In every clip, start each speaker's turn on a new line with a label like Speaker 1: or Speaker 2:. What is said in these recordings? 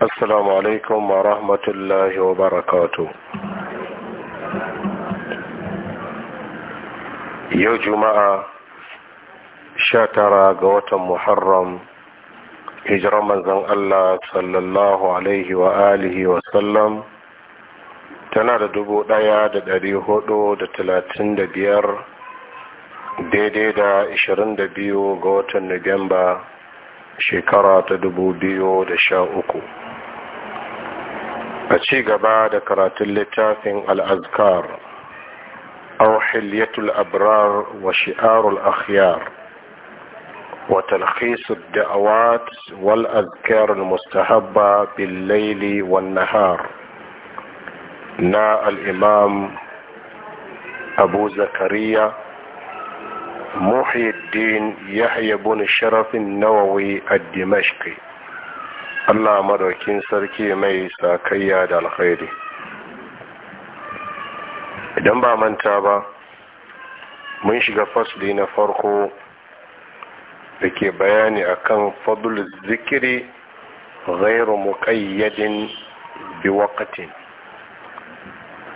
Speaker 1: assalamu alaikum wa rahmatullahi wa barakatu yau juma'a sha tara ga watan muharram hijirar mazan allah sallallahu alaihi tana da dubu ɗaya da dari hudu da talatin da biyar daidai da ashirin da biyu ga watan nuwamba shekara ta dubu biyu da sha uku أشي قبا دكرات اللتافين الأذكار أو حلية الأبرار وشعار الأخيار وتلخيص الدعوات والأذكار المستحبة بالليل والنهار نا الإمام أبو زكريا محي الدين يحيى بن الشرف النووي الدمشقي Allah madaukin sarki mai sakayya da alkhairi idan ba manta ba mun shiga fasli na farko da ke bayani akan fadul zikiri ghairu muqayyadin bi waqtin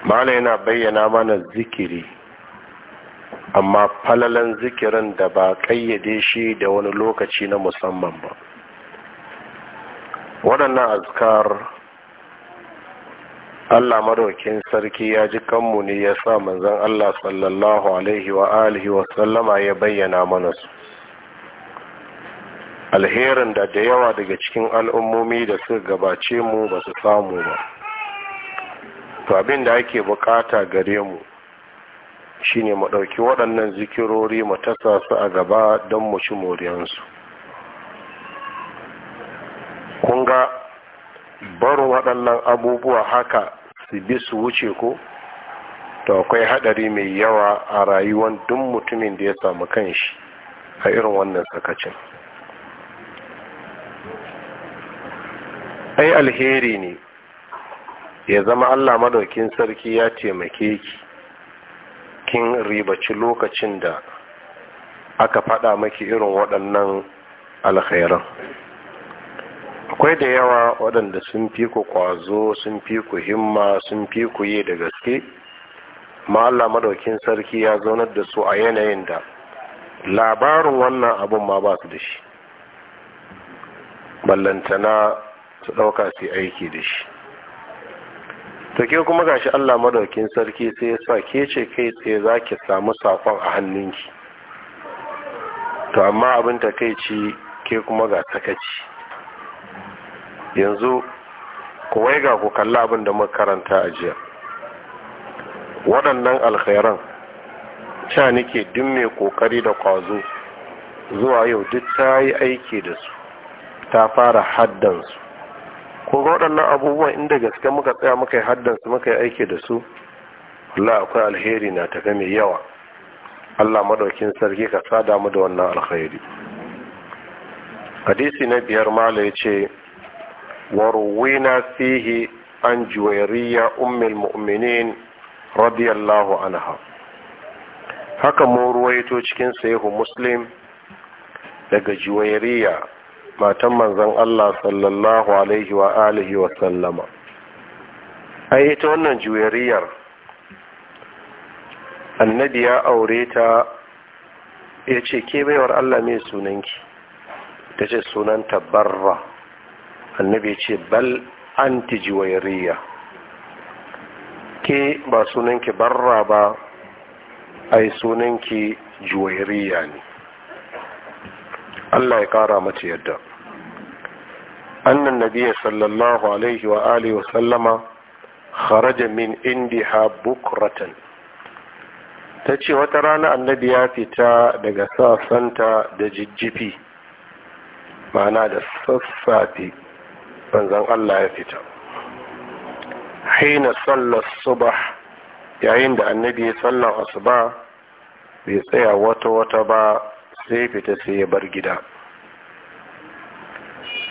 Speaker 1: Malam yana bayyana mana zikiri amma falalan zikirin da ba kayyade shi da wani lokaci na musamman ba waɗannan azkar Allah madaukin sarki ya ji kanmu ne ya sa manzan Allah sallallahu alaihi wa alihi wa sallama ya bayyana mana su alherin da da yawa daga cikin al'ummomi da suka gabace mu ba su samu ba to abin da ake bukata gare mu shine mu ɗauki waɗannan zikirori mu tasa su a gaba don mu ci moriyansu kun ga barin waɗannan abubuwa haka su bi su wuce ko to akwai haɗari mai yawa a rayuwar duk mutumin da ya samu kanshi a irin wannan sakacin ai alheri ne ya zama allah madaukin sarki ya taimake ki kin ribaci lokacin da aka faɗa maki irin waɗannan alkhairan akwai da yawa waɗanda sun fi ku kwazo sun fi ku himma sun fi ku yi da gaske ma Allah madaukin sarki ya zaunar da su a yanayin da labarin wannan abin ma ba su da shi ballantana su ɗauka su aiki da shi take kuma gashi Allah madaukin sarki sai ya sa ke ce kai tsaye za ki samu safon a hannunki to amma abin takaici ke kuma ga sakaci yanzu ku ga ku kalla abin da muka karanta a jiya waɗannan alkhairan sha nike duk mai kokari da kwazo zuwa yau duk ta yi aiki da su ta fara haddansu ko waɗannan abubuwan inda gaske muka tsaya muka yi haddansu muka yi aiki da su Allah akwai alheri na tafi mai yawa Allah madaukin sarki ka sada mu da wannan alkhairi hadisi na biyar mala ya ce وروينا فيه عن جويرية أم المؤمنين رضي الله عنها haka mu ruwaito cikin sahihu muslim daga juwairiya matan manzon Allah sallallahu alaihi wa alihi wa sallama ai ita wannan juwairiyar annabi ya aure ta ya ce ke baiwar Allah mai sunanki ta ce sunanta barra annabi ya ce bal anti juwairiya ke ba sunanki barra ba ai sunanki juwairiya ne Allah ya kara mata yadda annan nabiya sallallahu alaihi wa alihi wa sallama kharaja min indiha bukratan ta ce wata rana annabi ya fita daga sasanta da jijjifi ma'ana da sassafe manzan Allah ya fita haina sallar subah yayin da annabi ya sallar asuba bai tsaya wata wata ba sai fita sai ya bar gida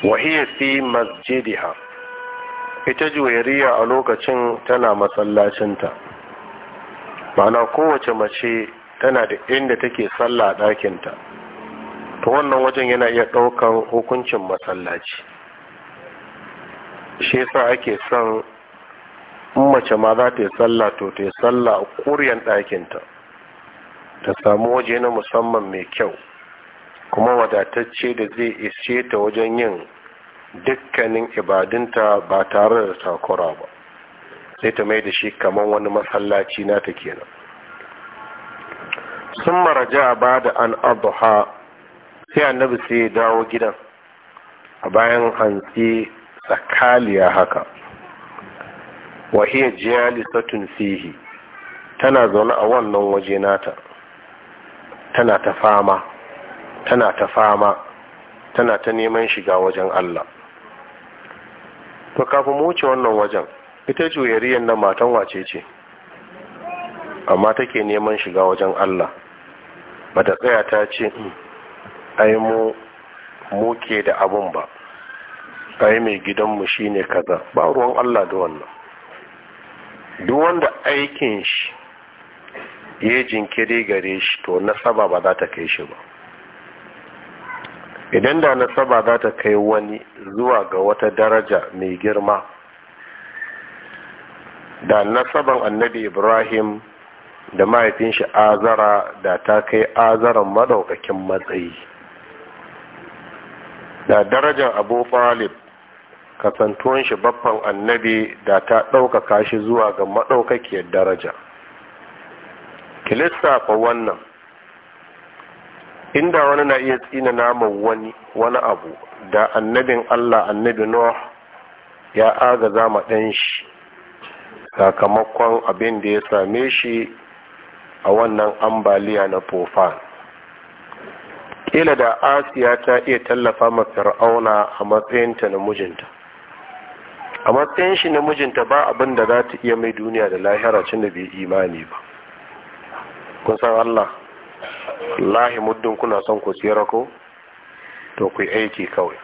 Speaker 1: iya fi masjidiha ita juwariya a lokacin tana masallacinta ma'ana kowace mace tana da inda take sallah ɗakinta ta wannan wajen yana iya ɗaukan hukuncin masallaci shi yasa ake son mace ma za ta yi sallah to ta yi sallah a ƙuryan ɗakinta ta samu waje na musamman mai kyau kuma wadatacce da zai isce ta wajen yin dukkanin ibadinta ba tare da takura ba sai ta mai da shi kamar wani masallaci na ta kenan sun maraja ba da an abuha sai annabi sai ya dawo gidan a bayan hantsi tsakaliya haka wahiyar jiyalisatun fihi tana zaune a wannan waje nata tana ta fama tana ta fama tana ta neman shiga wajen Allah to kafin mu wuce wannan wajen ita juyariyar na matan wace ce amma take neman shiga wajen Allah bata tsaya ta ce hmm, ai mu muke da abun ba ai mai gidanmu shine kaza ba ruwan Allah da wannan duk wanda aikin shi ya jinkiri gare shi to nasaba ba za ta kai shi ba idan da nasaba za ta kai wani zuwa ga wata daraja mai girma da nasaban annabi ibrahim da mahaifin shi azara da ta kai azaran madaukakin matsayi da darajar abu falib kasantuwan shi babban annabi da ta ɗaukaka shi zuwa ga maɗaukakiyar daraja ki lissafa wannan inda wani na iya tsina nama wani wani abu da annabin allah annabi nuh ya agaza ma ɗan shi sakamakon abin da ya same shi a wannan ambaliya na fofan. kila da asiya ta iya tallafa ma fir'auna a matsayinta na mijinta a matsayin shi na mijinta ba abin da za ta iya mai duniya da lahira cin da bai imani ba kun san Allah lahi muddin kuna son ku tsira ko to ku aiki kawai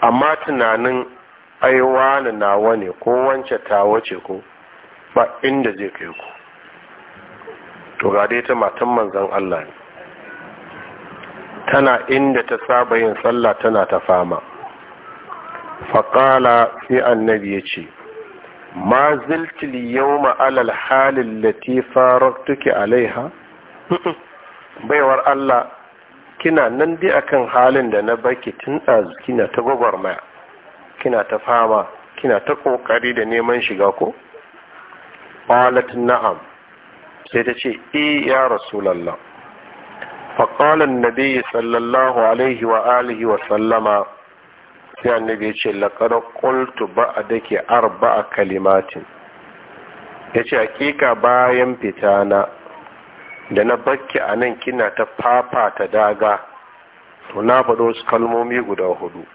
Speaker 1: amma tunanin aiwa na nawa ne ko wance ta wace ko ba inda zai kai ku to ga dai ta matan manzon Allah ne tana inda ta saba yin sallah tana ta fama faƙala sai annabi ya ce ma ziltil yau ma'alal halin latifa raktuki alaiha baiwar allah kina nan dai akan halin da na baki tun ɗazu kina ta gwagwarmaya kina ta fama kina ta ƙoƙari da neman shiga ko qalat na'am sai ta ce eh ya rasulallah faƙalan nabi sallallahu alaihi wa alihi wa sallama sai annabi ya ce laƙar ƙultu ba a dake arba a kalimatin ya ce hakika bayan fita na da na bakki a nan kina ta fafa ta daga to na faɗo su kalmomi guda hudu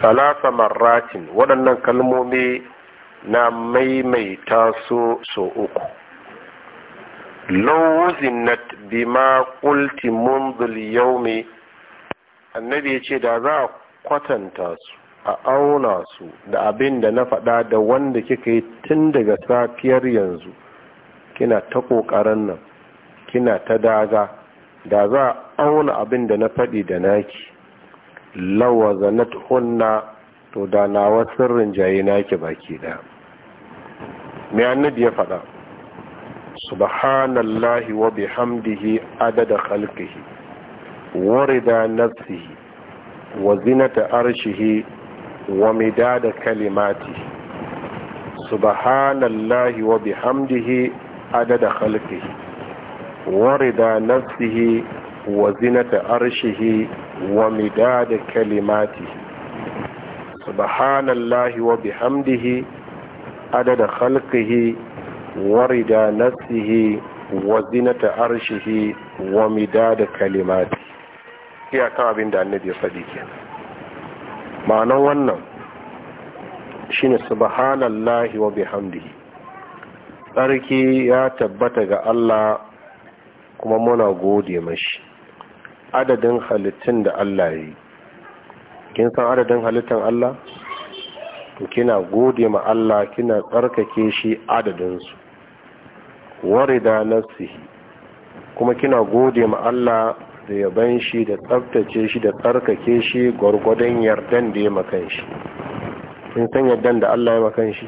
Speaker 1: salasa marratin waɗannan kalmomi na maimaita su so uku lawuzinat bima ƙulti mundu al-yawmi annabi yace da za a kwatanta su a auna su da abin da na faɗa da wanda kika yi tun daga safiyar yanzu kina ta ƙoƙarin nan kina ta daga da za a auna abin da na faɗi da naki lawa na hunna to da nawa sirrin rinjaye naki baki da mai annabi ya faɗa subhanallahi wa bihamdihi adada khalqihi warida nafsihi wa zinata da wa midada kalimati subhanallahi wa bihamdihi adada khalqihi wa rida nafsihi wa zinata arshihi wa midada kalimatihi subhanallahi wa bihamdihi adada khalqihi wa rida nafsihi wa zinata da wa midada kalimati gaskiya kan abin da annabi ya faɗi ke ma'anar wannan shine subhanallahi wa bihamdihi tsarki ya tabbata ga Allah kuma muna gode mashi adadin halittun da Allah yi kin san adadin halittun Allah kina gode ma Allah kina tsarkake shi adadinsu warida nafsihi kuma kina gode ma Allah da yaban shi da tsabtace shi da tsarkake shi gwargwadon yardan da ya makan shi in san yardan da Allah ya makan shi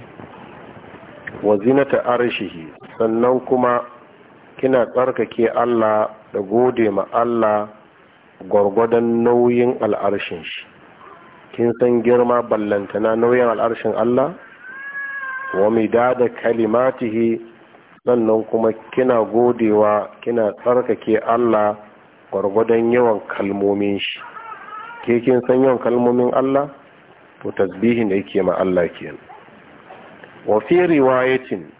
Speaker 1: wa zinata arshihi sannan kuma kina tsarkake Allah da gode ma Allah gwargwadon nauyin al'arshin shi kin san girma ballantana nauyin al'arshin Allah wa midada kalimatihi sannan kuma kina godewa kina tsarkake Allah gwargwadon yawan kalmomin shi ke kin san yawan kalmomin Allah to tasbihin da yake ma Allah kenan wa fi riwayatin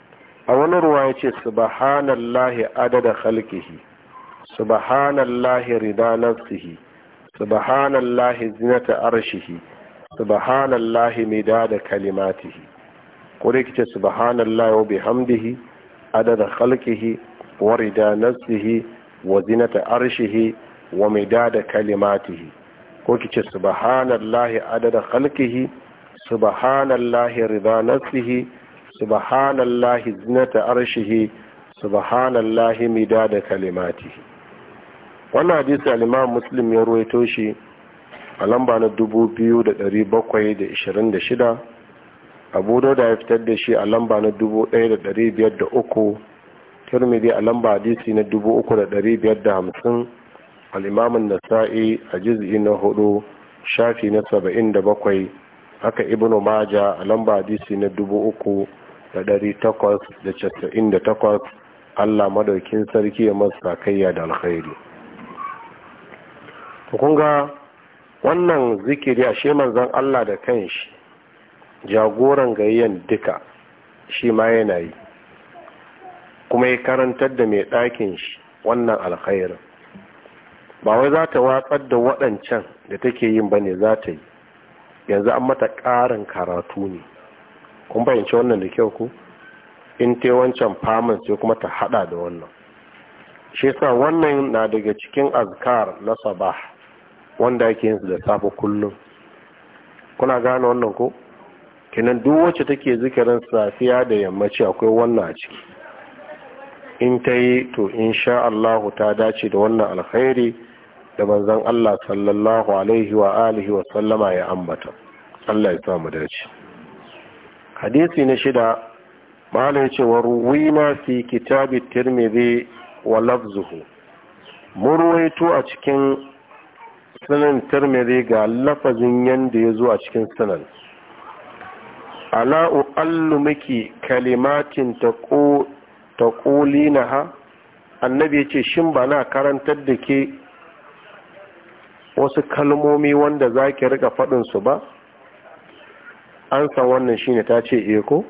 Speaker 1: a wani ruwa ce subhanallahi adada khalqihi subhanallahi rida nafsihi subhanallahi zinata arshihi subhanallahi midada kalimatihi ko dai kice subhanallahi wa bihamdihi adada khalqihi wa rida nafsihi wa zinata arshihi wa midada kalimatihi ko kice subhanallahi adada khalqihi subhanallahi rida nafsihi subhanallahi zinata mida da midada kalimatihi wannan hadisi al-Imam Muslim ya ruwaito shi a lamba na 2726 Abu Dawud ya fitar da shi a lamba na 1503 tirmidhi a lamba hadisi na 3550 al-imam an-nasa'i a juz'i na 4 shafi na 77 haka ibnu maja a lamba hadisi na 3898 Allah madaukin sarki ya masa kayya da alkhairi to kun ga wannan zikiri a shi manzon Allah da kanshi jagoran gayyan duka shi ma yana yi kuma ya karantar da mai ɗakin shi wannan alkhairin ba wai za ta watsar da waɗancan da take yin ba ne za ta yi yanzu an mata ƙarin karatu ne kun bayanci wannan da kyau ku in te wancan faman sai kuma ta haɗa da wannan shi sa wannan na daga cikin azkar na saba wanda ake yin su da safe kullum kuna gane wannan ko kenan duk wacce take zikirin safiya da yammaci akwai wannan a ciki in ta yi to insha Allah ta dace da wannan alkhairi da manzon Allah sallallahu alaihi wa alihi wa sallama ya ambata Allah ya samu dace hadisi na shida malam ce wa ruwina fi kitabi tirmidhi wa lafzuhu murwaito a cikin sunan tirmidhi ga lafazin yanda ya zo a cikin sunan ala'u allu miki kalimatin taqu ta ƙuli na ha annabi ya ce shin ba na karantar da ke wasu kalmomi wanda za ki rika faɗinsu ba an san wannan shine ta ce eko eh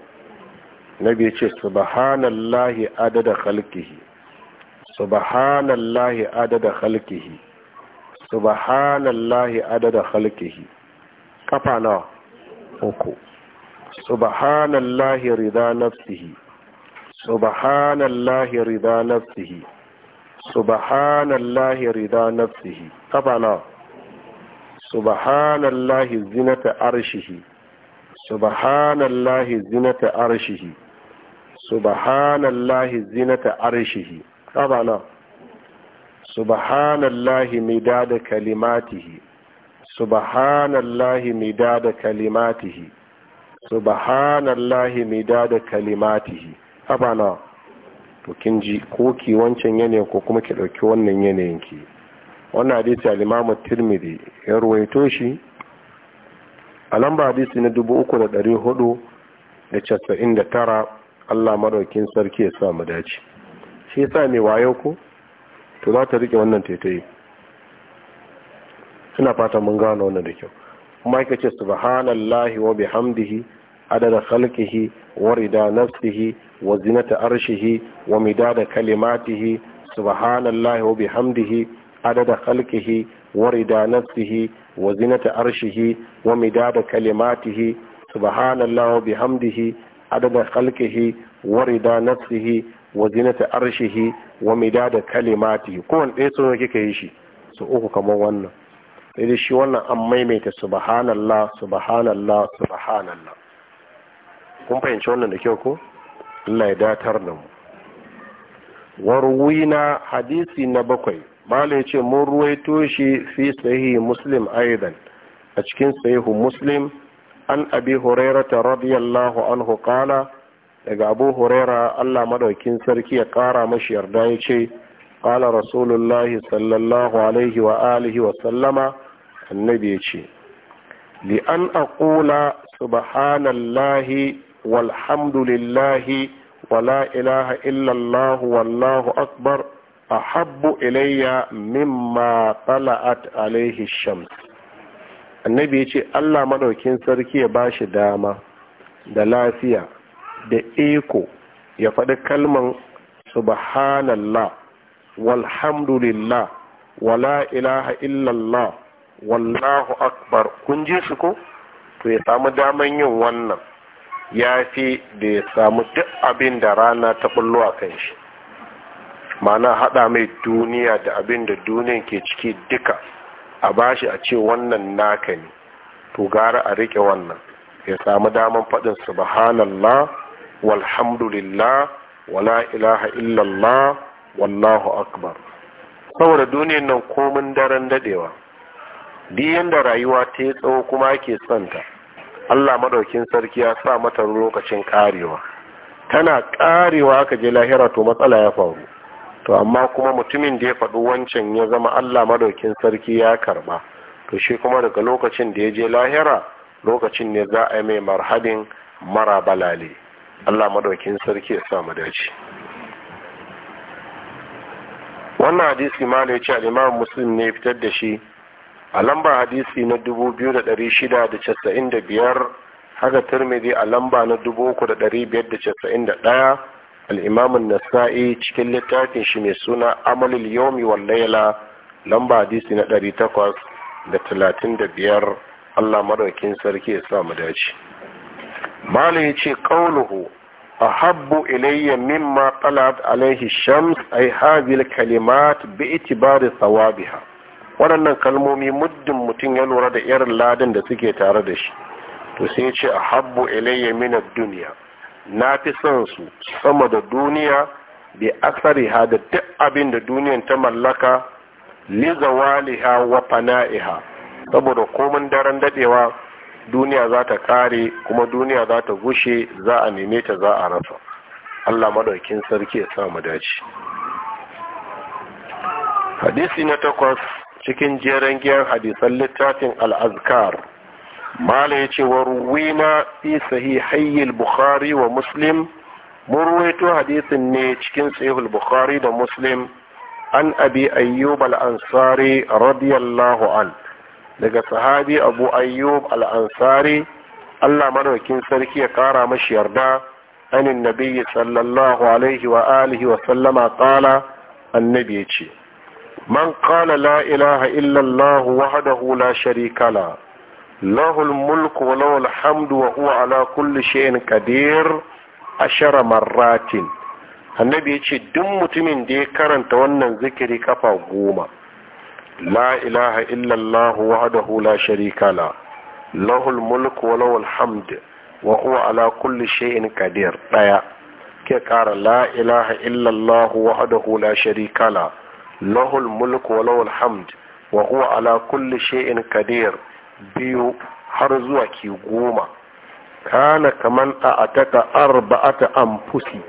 Speaker 1: nabi ya ce subhanallahi adada khalqihi subhanallahi adada khalqihi subhanallahi adada khalqihi kafa nawa uku subhanallahi rida nafsihi subhanallahi rida nafsihi subhanallahi rida nafsihi kafa nawa subhanallahi zinata arshihi subhanallahi zinata arshihi subhanallahi zinata arshihi kafa nawa subhanallahi midada kalimatihi subhanallahi midada kalimatihi subhanallahi midada kalimatihi abana to kin ji ko ki wancan yanayin ko kuma ki ɗauki wannan yanayin ki wannan hadisi al-imamu tirmidhi ya ruwaito shi a lamba hadisi na dubu uku da ɗari hudu da casa'in da tara allah madaukin sarki ya sa dace shi yasa mai wayo ko to za ta rike wannan taitai. ina fata mun gano wannan da kyau kuma yake ce subhanallahi wa bihamdihi adada khalqihi wa rida nafsihi wa zinata arshihi wa midada kalimatihi subhanallahi wa bihamdihi adada khalqihi wa rida nafsihi wa zinata arshihi wa midada kalimatihi subhanallahi wa bihamdihi adada khalqihi wa rida nafsihi wa zinata arshihi wa midada kalimatihi kowanne ɗaya sunan kika yi shi su uku kamar wannan sai da shi wannan an maimaita subhanallah subhanallah subhanallah kun fahimci wannan da kyau ko Allah ya datar da mu warwina hadisi na bakwai bala ya ce mun ruwaito shi fi sahihi muslim aidan a cikin sahihu muslim an abi hurairata radiyallahu anhu kala daga abu huraira Allah madaukin sarki ya kara mashi yarda ya ce Kala rasulullahi sallallahu alaihi wa alihi wa sallama annabi ya ce li an aqula subhanallahi walhamdulillahi wala ilaha illallah wallahu akbar ahabbu ilayya min tala'at alaihi shams annabi ya ce allah madaukin sarki ya ba shi dama da lafiya da iko ya faɗi kalman subhanallah walhamdulillah wala ilaha illallah wallahu akbar kun ji su ko to ya samu daman yin wannan ya fi da ya samu duk abin da rana ta bullo a kan shi mana haɗa mai duniya da abin da duniyan ke ciki duka a bashi a ce wannan naka ne to gara a riƙe wannan ya samu daman faɗin subhanallah walhamdulillah wala ilaha illallah wallahu akbar saboda duniyan nan komin daren dadewa duk yanda rayuwa ta yi tsawo kuma ake tsanta Allah madaukin sarki ya sa mata lokacin karewa tana karewa aka je lahira to matsala ya faru to amma kuma mutumin da ya faɗi wancan ya zama Allah madaukin sarki ya karba to shi kuma daga lokacin da ya je lahira lokacin ne za a yi mai marhabin mara balale Allah madaukin sarki ya sa mu dace wannan hadisi malai ya ce al-Imam Muslim ne fitar da shi a lambar hadisi na 2695 haka turmidi a lamba na 3591 al'imamun nasa'i cikin littafin shi mai suna amalil yomi wallaila lamba hadisi na 835 allah maraukin sarki ya samu dace mala ya ce ƙauluhu a habbu ilayya mimma talat alaihi shams ai hazil kalimat bi itibari tsawabiha waɗannan kalmomi muddin mutum ya lura da irin ladin da suke tare da shi to sai ya ce a habbu ilayya minad duniya na fi son su sama da duniya bi asari ha da duk abin da duniyan ta mallaka li zawaliha wa fana'iha saboda komin daren dadewa duniya za ta kare kuma duniya za ta gushe za a neme ta za a rasa Allah madaukin sarki ya sa mu dace hadisi na takwas cikin jeren giyan hadisan littafin al'azkar mala ya ce wa ruwina fi sahihayyil bukhari wa muslim mun ruwaito hadisin ne cikin sahihul bukhari da muslim an abi ayyub al'ansari radiyallahu an daga sahabi abu ayyub al'ansari Allah madaukin sarki ya kara mashi yarda anin nabi sallallahu alaihi wa alihi wa sallama kala annabi ya ce من قال لا إله إلا الله وحده لا شريك له له الملك وله الحمد وهو على كل شيء قدير عشر مرات annabi ya ce duk mutumin da ya karanta wannan zikiri kafa goma la ilaha illallah wahdahu la sharika la lahul mulku wa lahul hamd wa huwa ala kulli shay'in qadir daya ke kara la ilaha illallah wahdahu la lahul mulku wa lahul hamd wa huwa ala kulli shay'in qadir biyu har zuwa ki goma kana kaman a ataka arba'ata anfusi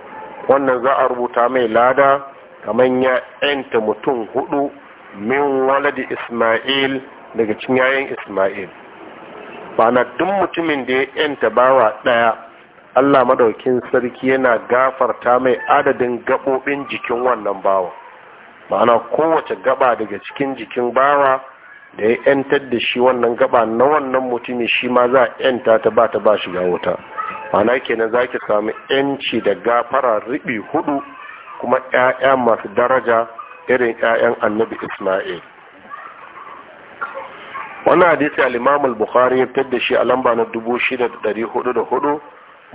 Speaker 1: wannan za a rubuta mai lada kaman ya yanta mutum hudu min waladi isma'il daga cikin yayin isma'il bana duk mutumin da ya yanta bawa ɗaya. Allah maɗaukin sarki yana gafarta mai adadin gabobin jikin wannan bawa ma'ana kowace gaba daga cikin jikin bawa da ya yantar da shi wannan gaba na wannan mutumin shi ma za a yanta ta ba ta ba shiga wuta ma'ana kenan za ki samu yanci da gafara riɓi hudu kuma 'ya'ya masu daraja irin 'ya'yan annabi isma'il wani hadisi al-imam al-bukhari ya fitar da shi a lamba na 6404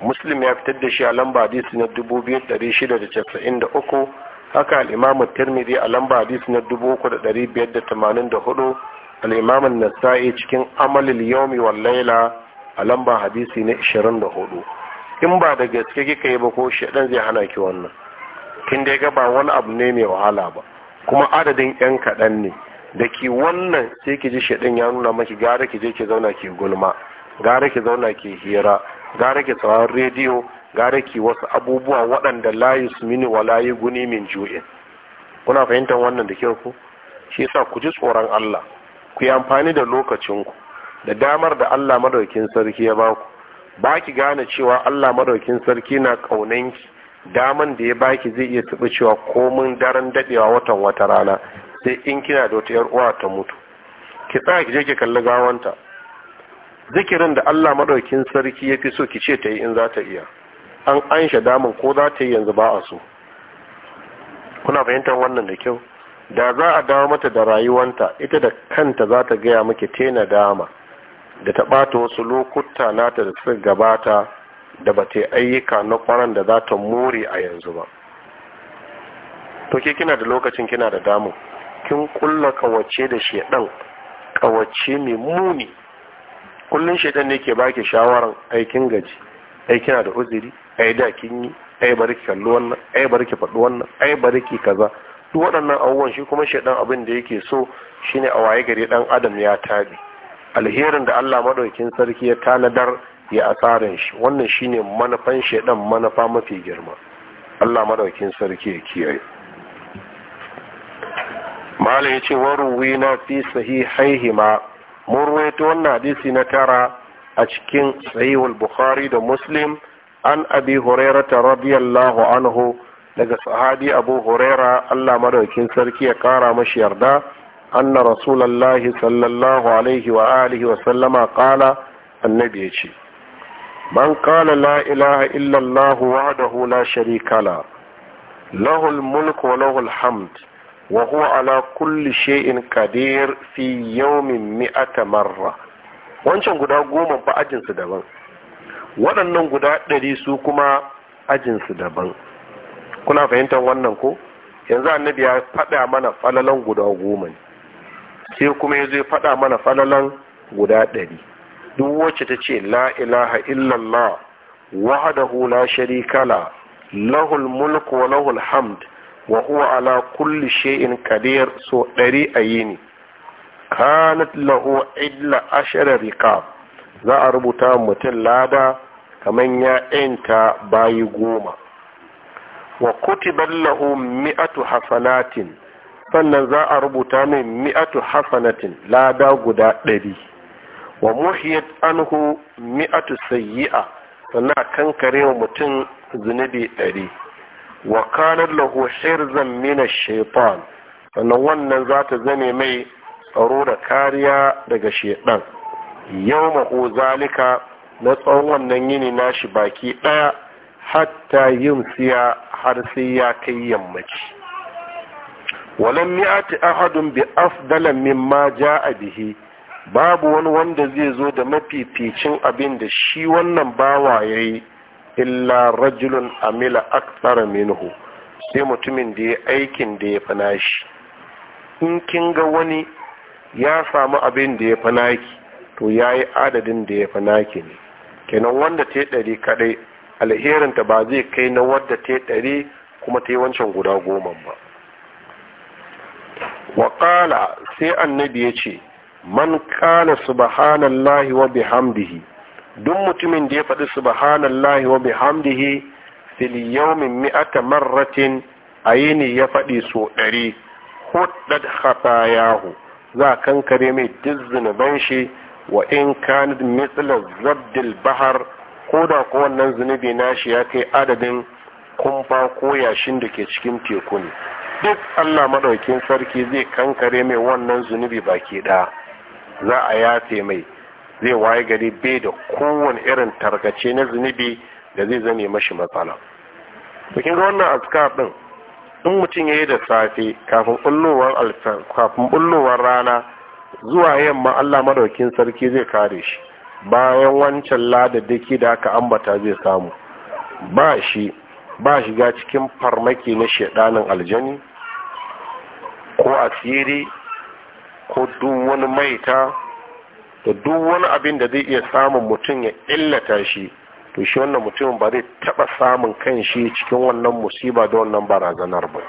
Speaker 1: muslim ya fitar da shi a lamba hadisi na 2693 haka al'imamu tirmidhi a lamba hadisi na 3584 na nasa'i cikin amalil yaumi wal laila a lamba hadisi na 24 in ba da gaske kika yi ba ko shaɗan zai hana ki wannan kin dai ga ba wani abu ne mai wahala ba kuma adadin yan kaɗan ne da ki wannan sai ki ji shaɗan ya nuna maki gara ki je ki zauna ki gulma gara ki zauna ki hira gara ki tsawon rediyo gara ki wasu abubuwa waɗanda layus mini wa la guni min ju'in kuna fahimtar wannan da kyau ku shi yasa ku ji tsoron Allah ku yi amfani da lokacinku da damar da Allah madaukin sarki ya baku Baki gane cewa Allah madaukin sarki na kaunanki daman da ya baki zai iya taɓa cewa komin daren daɗewa watan wata rana sai in kina da wata yar uwa ta mutu ki tsaya ki je ki kalli gawanta zikirin da Allah madaukin sarki ya fi so ki ce ta yi in za ta iya an ansha damun ko za ta yi yanzu ba a so kuna fahimtar wannan da kyau da za a dawo mata da rayuwanta ita da kanta za ta gaya maki tena dama da ta ɓata wasu lokuta nata da suka gabata da ba ta ayyuka na kwaran da za ta more a yanzu ba to ke kina da lokacin kina da damu kin kulla kawace da shedan kawace mai muni kullun shedan ne ke baki shawaran aikin gaji ai kina da uzuri ai da kin yi ai bari ki kalli wannan ai bari ki faɗi wannan ai bari ki kaza duk waɗannan abubuwan shi kuma shaidan abin da yake so shine a waye gari dan adam ya tabi alherin da Allah madaukin sarki ya tanadar ya asarin shi wannan shine manufan shaidan manufa mafi girma Allah madaukin sarki ya kiyaye ya ce waruwi na fi sahihaihima mun ruwaito wannan hadisi na tara a cikin sahihul bukhari da muslim an abi hurairata radiyallahu anhu daga sahabi abu huraira allah madaukin sarki ya kara mashi yarda anna rasulallahi sallallahu alaihi wa alihi wa sallama kala annabi ya ce man kala la ilaha illallah wahdahu la sharika la lahul mulk wa lahul hamd wa huwa ala kulli shay'in qadir fi yawmin mi'ata marra wancan guda goma ba ajinsu daban waɗannan guda ɗari su kuma ajinsu daban kuna fahimtar wannan ko yanzu annabi ya faɗa mana falalan guda goma ne sai kuma ya zo faɗa mana falalan guda ɗari duk wacce ta ce la ilaha illallah Wahadahu la sharika la lahul mulku wa lahul hamd wa huwa ala kulli shay'in qadir so ɗari a yini kanat lahu illa ashara riqab za a rubuta mutum lada kamar ya yanta bayi goma wa kutiba lahu mi'atu hasanatin sannan za a rubuta mai mi'atu hasanatin lada guda ɗari wa muhiyat anhu mi'atu sayyi'a sannan kankare wa mutum zunubi ɗari wa kanar lahu shirzan mina shaitan sannan wannan za ta zame mai tsaro da kariya daga shedan yau maho zalika na tsawon wannan yini nashi baki ɗaya hatta yin siya har sai ya kai yammaci walan mi'ati ahadun bi afdala mimma ja'a bihi babu wani wanda zai zo da mafificin abin da shi wannan bawa yayi illa rajulun amila aktsara minhu sai mutumin da ya aikin da ya fana shi in kin ga wani ya samu abin da ya fi to ya yi adadin da ya fi ne kenan wanda ta yi ɗari kaɗai alherinta ba zai kai na wadda ta yi ɗari kuma ta yi wancan guda goma ba waƙala sai annabi ya ce man kana subhanallahi wa bihamdihi duk mutumin da ya faɗi subhanallahi wa bihamdihi fil yawmin mi'ata marratin a ya faɗi so ɗari huddat khatayahu za a kankare mai duk zunuban shi wa in kanid mitsila zabdil bahar ko da ko wannan zunubi nashi ya kai adadin kumfa ko yashin da ke cikin teku ne duk Allah madaukin sarki zai kankare mai wannan zunubi baki ɗaya za a yafe mai zai waye gari bai da kowane irin tarkace na zunubi da zai zame mashi matsala bikin ga wannan askar din in mutum ya yi da safe kafin bullowar alfan kafin bullowar rana zuwa yamma Allah maɗaukin sarki zai kare shi bayan wancan ladadaki da aka ambata zai samu ba shi ba shiga cikin farmaki na shedanin aljani ko asiri ko duk wani maita da duk wani abin da zai iya samun mutum ya illata shi to shi wannan mutumin ba zai taɓa samun kan shi cikin wannan musiba da wannan barazanar ba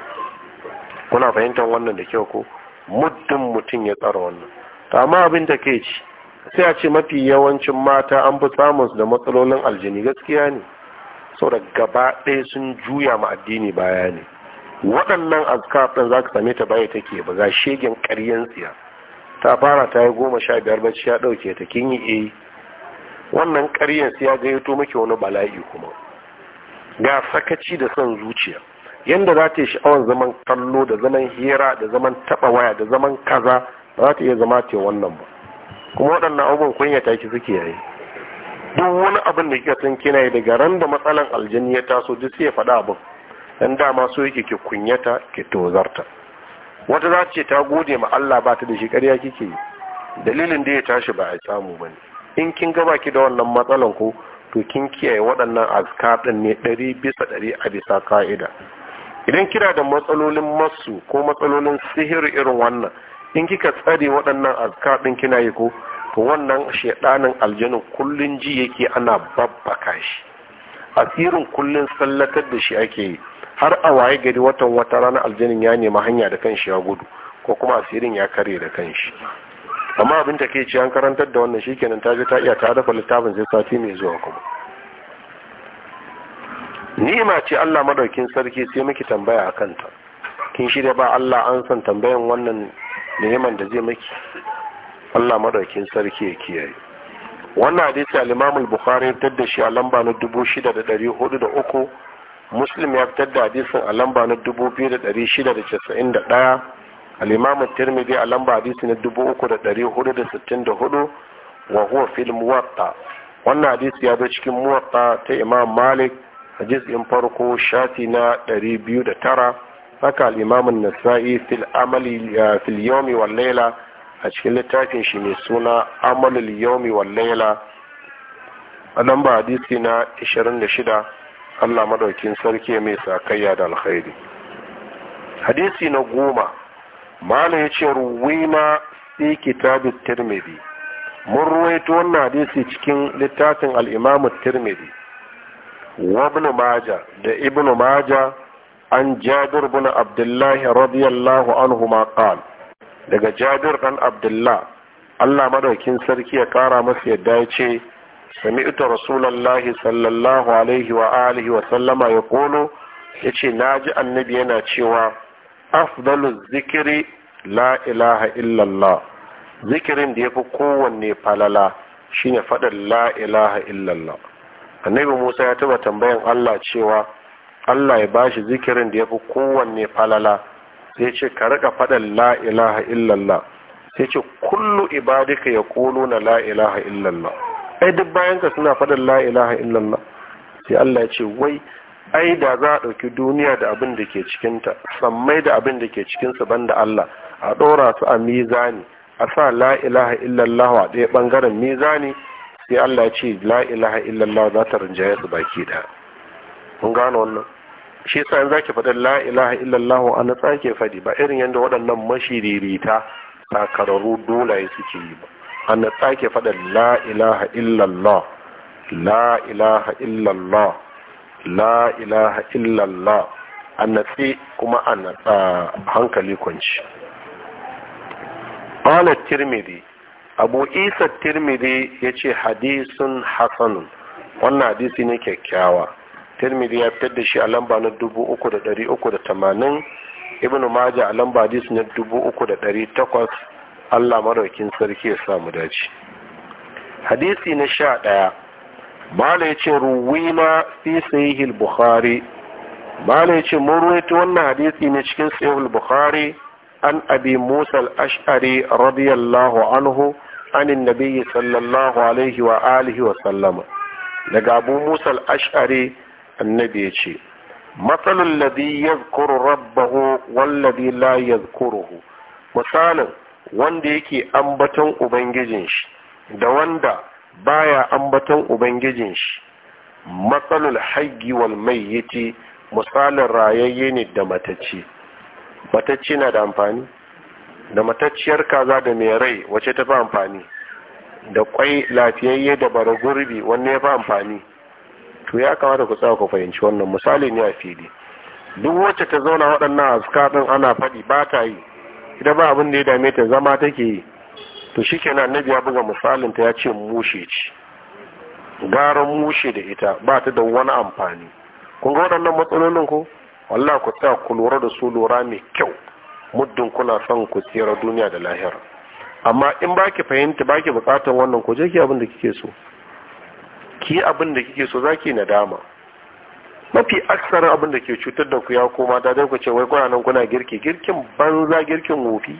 Speaker 1: kuna fahimtar wannan da kyau ko muddin mutum ya tsara wannan to amma abin da ke ci sai a ce mafi yawancin mata an fi samun su da matsalolin aljini gaskiya ne da gaba ɗaya sun juya ma addini baya ne waɗannan azkar ɗin za ka same ta baya take ba ga shegen ƙaryen tsiya ta fara ta yi goma sha biyar bacci ya ɗauke ta kin yi eh wannan ƙaryar ya gayyato maki wani bala'i kuma ga sakaci da son zuciya Yadda za ta yi sha'awar zaman kallo da zaman hira da zaman taɓa waya da zaman kaza ba za ta iya zama ta wannan ba kuma waɗannan abubuwan kunya ta ki suke yayi duk wani abin da kika san kina yi daga ran da matsalan aljini ya taso duk sai ya faɗa abin dan dama so yake ki kunyata ki tozarta wata za ta ce ta gode ma Allah ba ta da shi ƙarya kike yi dalilin da ya tashi ba a samu bane in kin ga ki da wannan matsalan ku to kin kiyaye waɗannan azkar ɗin ne ɗari bisa ɗari a bisa ka'ida idan kina da matsalolin masu ko matsalolin sihiri irin wannan in kika tsare waɗannan azkar ɗin kina yi ko to wannan shedanin aljanin kullun ji yake ana babbaka shi asirin kullun sallatar da shi ake yi har a waye gari watan wata ranar aljanin ya nemi hanya da kanshi ya gudu ko kuma asirin ya kare da kan shi amma abin ta ke ci an karantar da wannan shikenan ta je ta iya ta dafa littafin sai sati mai zuwa kuma ni'ima ce Allah madaukin sarki sai miki tambaya a kanta kin shirya ba Allah an san tambayan wannan neman da zai miki Allah madaukin sarki ya kiyaye wannan hadisi al-Imam al-Bukhari fitar da shi a lamba na 6403 Muslim ya fitar da hadisin a lamba na 2691 al-imam tirmidhi a lamba hadisi na 3464 wa huwa fil muwatta wannan hadisi ya zo cikin muwatta ta imam malik hadisin farko shafi na 209 haka al-imam an-nasa'i fil amali fil yawmi a cikin littafin shi mai suna amalul yawmi wal a lamba hadisi na 26 Allah madaukin sarki mai sakayya da alkhairi hadisi na goma malam ya ce ruwina fi kitabu tirmidhi mun ruwaito wannan hadisi cikin littafin al-imam tirmidhi wa ibn da Ibnu Maja an jabir bin abdullah radiyallahu anhu ma daga jabir dan abdullah Allah madaukin sarki ya kara masa yadda ya ce sami'tu rasulullahi sallallahu alaihi wa alihi wa sallama ya ce yace naji annabi yana cewa afdalu zikiri la ilaha illallah zikirin da ya fi kowanne falala shine faɗin la ilaha illallah annabi musa ya taɓa tambayan allah cewa allah ya bashi zikirin da ya fi kowanne falala sai ce ka rika faɗin la ilaha illallah sai ce kullu ibadika ya ƙolo na la ilaha illallah ai duk bayanka suna faɗin la ilaha illallah sai allah ya ce wai ai da za a ɗauki duniya da abin da ke cikinta sammai da abin da ke cikinsu banda Allah a ɗora su a mizani a sa la ilaha illallah a ɗaya ɓangaren mizani sai Allah ce la ilaha illallah za ta rinjaye su baki ɗaya mun gano wannan shi yasa in zaki faɗin la ilaha illallah a na ke faɗi ba irin yadda waɗannan mashiririta sakararru dolaye suke yi ba a natsa ke faɗin la ilaha illallah la ilaha illallah la ilaha illallah a natsi kuma a natsa hankali kwanci ƙwalar tirmidhi abu isa tirmidhi ya ce hadisun Hassanun, wannan hadisi ne kyakkyawa tirmidhi ya fitar da shi a lamba na tamanin, ibn maja a lamba hadisi na takwas, allah maraukin sarki ya samu dace hadisi na sha ɗaya Malai ya ce ruwima fi sahihil bukhari Malai ce mun ruwaito wannan hadisi ne cikin sahihil bukhari an abi musa al-ash'ari radiyallahu anhu an annabi sallallahu alaihi wa alihi wa sallama daga abu musa al-ash'ari annabi ya ce matsalin ladhi yadhkuru rabbahu walladhi la yadhkuruhu misalin wanda yake ambaton ubangijin shi da wanda baya ambaton ubangijin shi matsalul haigi wal mayyiti misalin rayayye ne da matacci. Matacci na da amfani da matacciyar kaza da mai rai wace ta fi amfani da kwai lafiyayye da bara gurbi wanne ya fi amfani to ya kamata ku tsaya ku fahimci wannan misali ne a fili duk wacce ta zauna waɗannan ɗin ana faɗi ba ta yi ita ba abin da ya dame ta zama take yi to shi kenan annabi ya buga misalinta ya ce mushe ci. gara mushe da ita ba ta da wani amfani kun ga waɗannan matsalolin ko wallahi ku ta ku lura da su lura mai kyau muddin kuna son ku tsira duniya da lahira amma in ba ki fahimta ba ki bukatar wannan ku je ki abin da kike so ki abin da kike so zaki nadama mafi aksarin abin da ke cutar da ku ya koma da dai ku ce wai kuna nan kuna girki girkin banza girkin wofi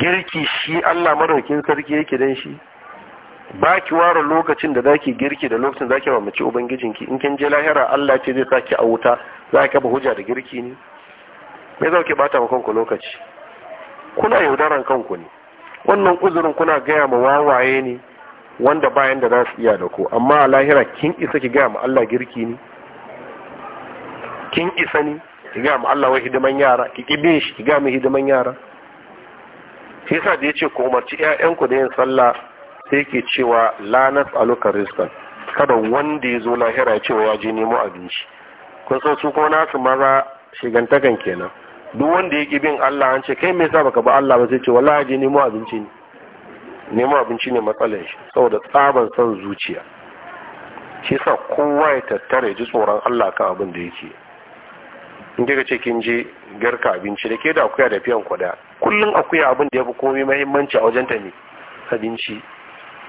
Speaker 1: girki shi Allah madaukin sarki yake dan shi ba ki ware lokacin da zaki girki da lokacin zaki mamaci ubangijinki in kin je lahira Allah ce zai saki a wuta za ka ba hujja da girki ne me za ki bata kanku lokaci kuna yaudaran kanku ne wannan uzurin kuna gaya ma wawaye ne wanda bayan da za su iya da ku amma a lahira kin isa ki gaya ma Allah girki ne kin isa ne ki gaya ma Allah wai hidiman yara ki ki bin shi ki gaya ma hidiman yara shi yasa da yace ku umarci 'ya'yanku da yin sallah sai ke cewa la nas'aluka rizqan kada wanda ya zo lahira cewa ya je nemo abinci kun san su ko nasu maza shigantakan kenan duk wanda ya bin Allah an ce kai me yasa baka ba Allah ba sai ce wallahi je nemo abinci ne nemo abinci ne matsalar shi saboda tsaban son zuciya shi yasa kowa ya tattara ya ji tsoron Allah kan abin da yake in ga ce kin je garka abinci da ke da akuya da fiyan kwada kullum akuya abin da ya fi komai mahimmanci a wajen ta ne abinci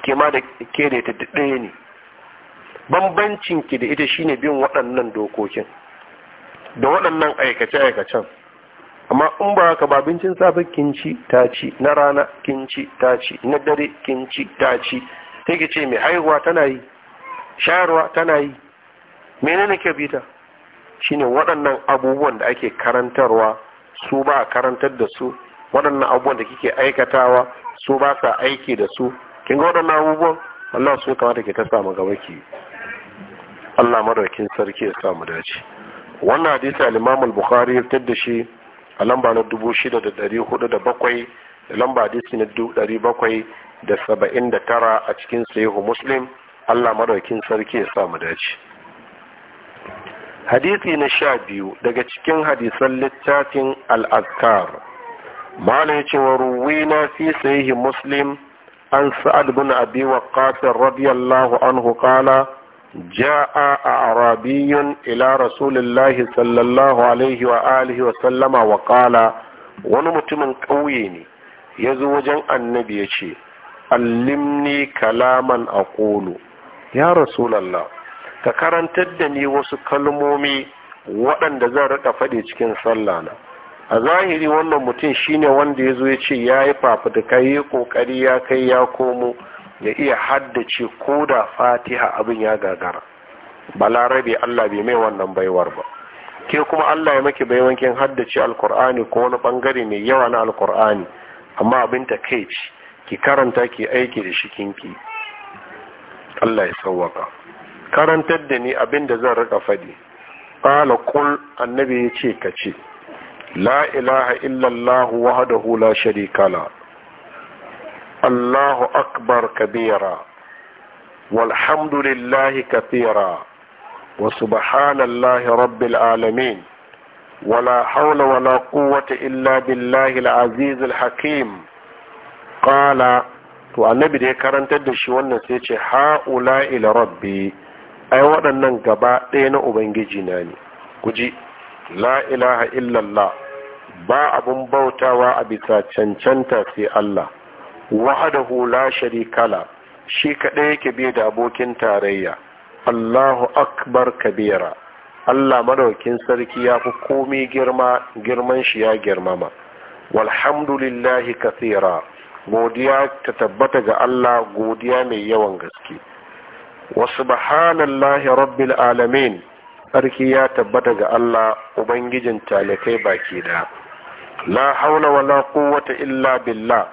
Speaker 1: ke ma da ke da ita ɗaya ne bambancin ki da ita shine bin waɗannan dokokin da waɗannan aikace-aikacen amma in ba haka ba abincin safe kin ci ta ci na rana kin ci ta ci na dare kin ci ta ci sai ki ce mai haihuwa tana yi shayarwa tana yi menene ke bita shine waɗannan abubuwan da ake karantarwa su ba a karantar da su waɗannan abubuwan da kike aikatawa su ba sa aiki da su kin ga waɗannan abubuwan Allah su kamata ke ta samu gaba ki Allah madaukin sarki ya samu dace wannan hadisi al-Imam al-Bukhari ya da shi a lamba na 6407 da lamba hadisi na 779 a cikin sahihu Muslim Allah madaukin sarki ya samu dace hadisi na sha biyu daga cikin hadisan littafin al'azkar mala ya ce ruwina fi sahihi muslim an sa'ad bin abi waqqas radiyallahu anhu qala ja'a arabiyyun ila rasulillahi sallallahu alaihi wa alihi wa sallama wa qala wani mutumin ƙauye ne ya zo wajen annabi ya ce allimni kalaman aqulu ya rasulallah ka karantar da ni wasu kalmomi waɗanda zan rika faɗi cikin sallah na a zahiri wannan mutum shine wanda ya zo ya ce ya yi fafutuka ya yi ƙoƙari ya kai ya komo ya iya haddace ko da fatiha abin ya gagara balarabe allah bai mai wannan baiwar ba ke kuma allah ya maki baiwankin haddace alkur'ani ko wani bangare mai yawa na alkur'ani amma abin ta kai ki karanta ki aiki da shikinki allah ya sauwaka karantar da ni abin da zan rika fadi, ƙala qul annabi yace ka ce la ilaha illallahu wahdahu la sharikala Allahu akbar kabira walhamdulillahi Kabira, كثيرا وسبحان الله wala العالمين wala حول ولا قوة إلا بالله العزيز to annabi da ya karantar da shi wannan sai ce ha'ula ila rabbi ai waɗannan gaba ɗaya na ubangiji na ne ku ji la ilaha illallah ba abun bautawa a bisa cancanta sai Allah wahadahu la sharikala shi kaɗai yake bi da abokin tarayya Allahu akbar kabira Allah madaukin sarki ya fi komi girma girman shi ya girmama walhamdulillahi kathira godiya ta tabbata ga Allah godiya mai yawan gaske wa subhanallahi rabbil alamin sarki ya tabbata ga Allah ubangijin talakai baki da la haula wala quwwata illa billah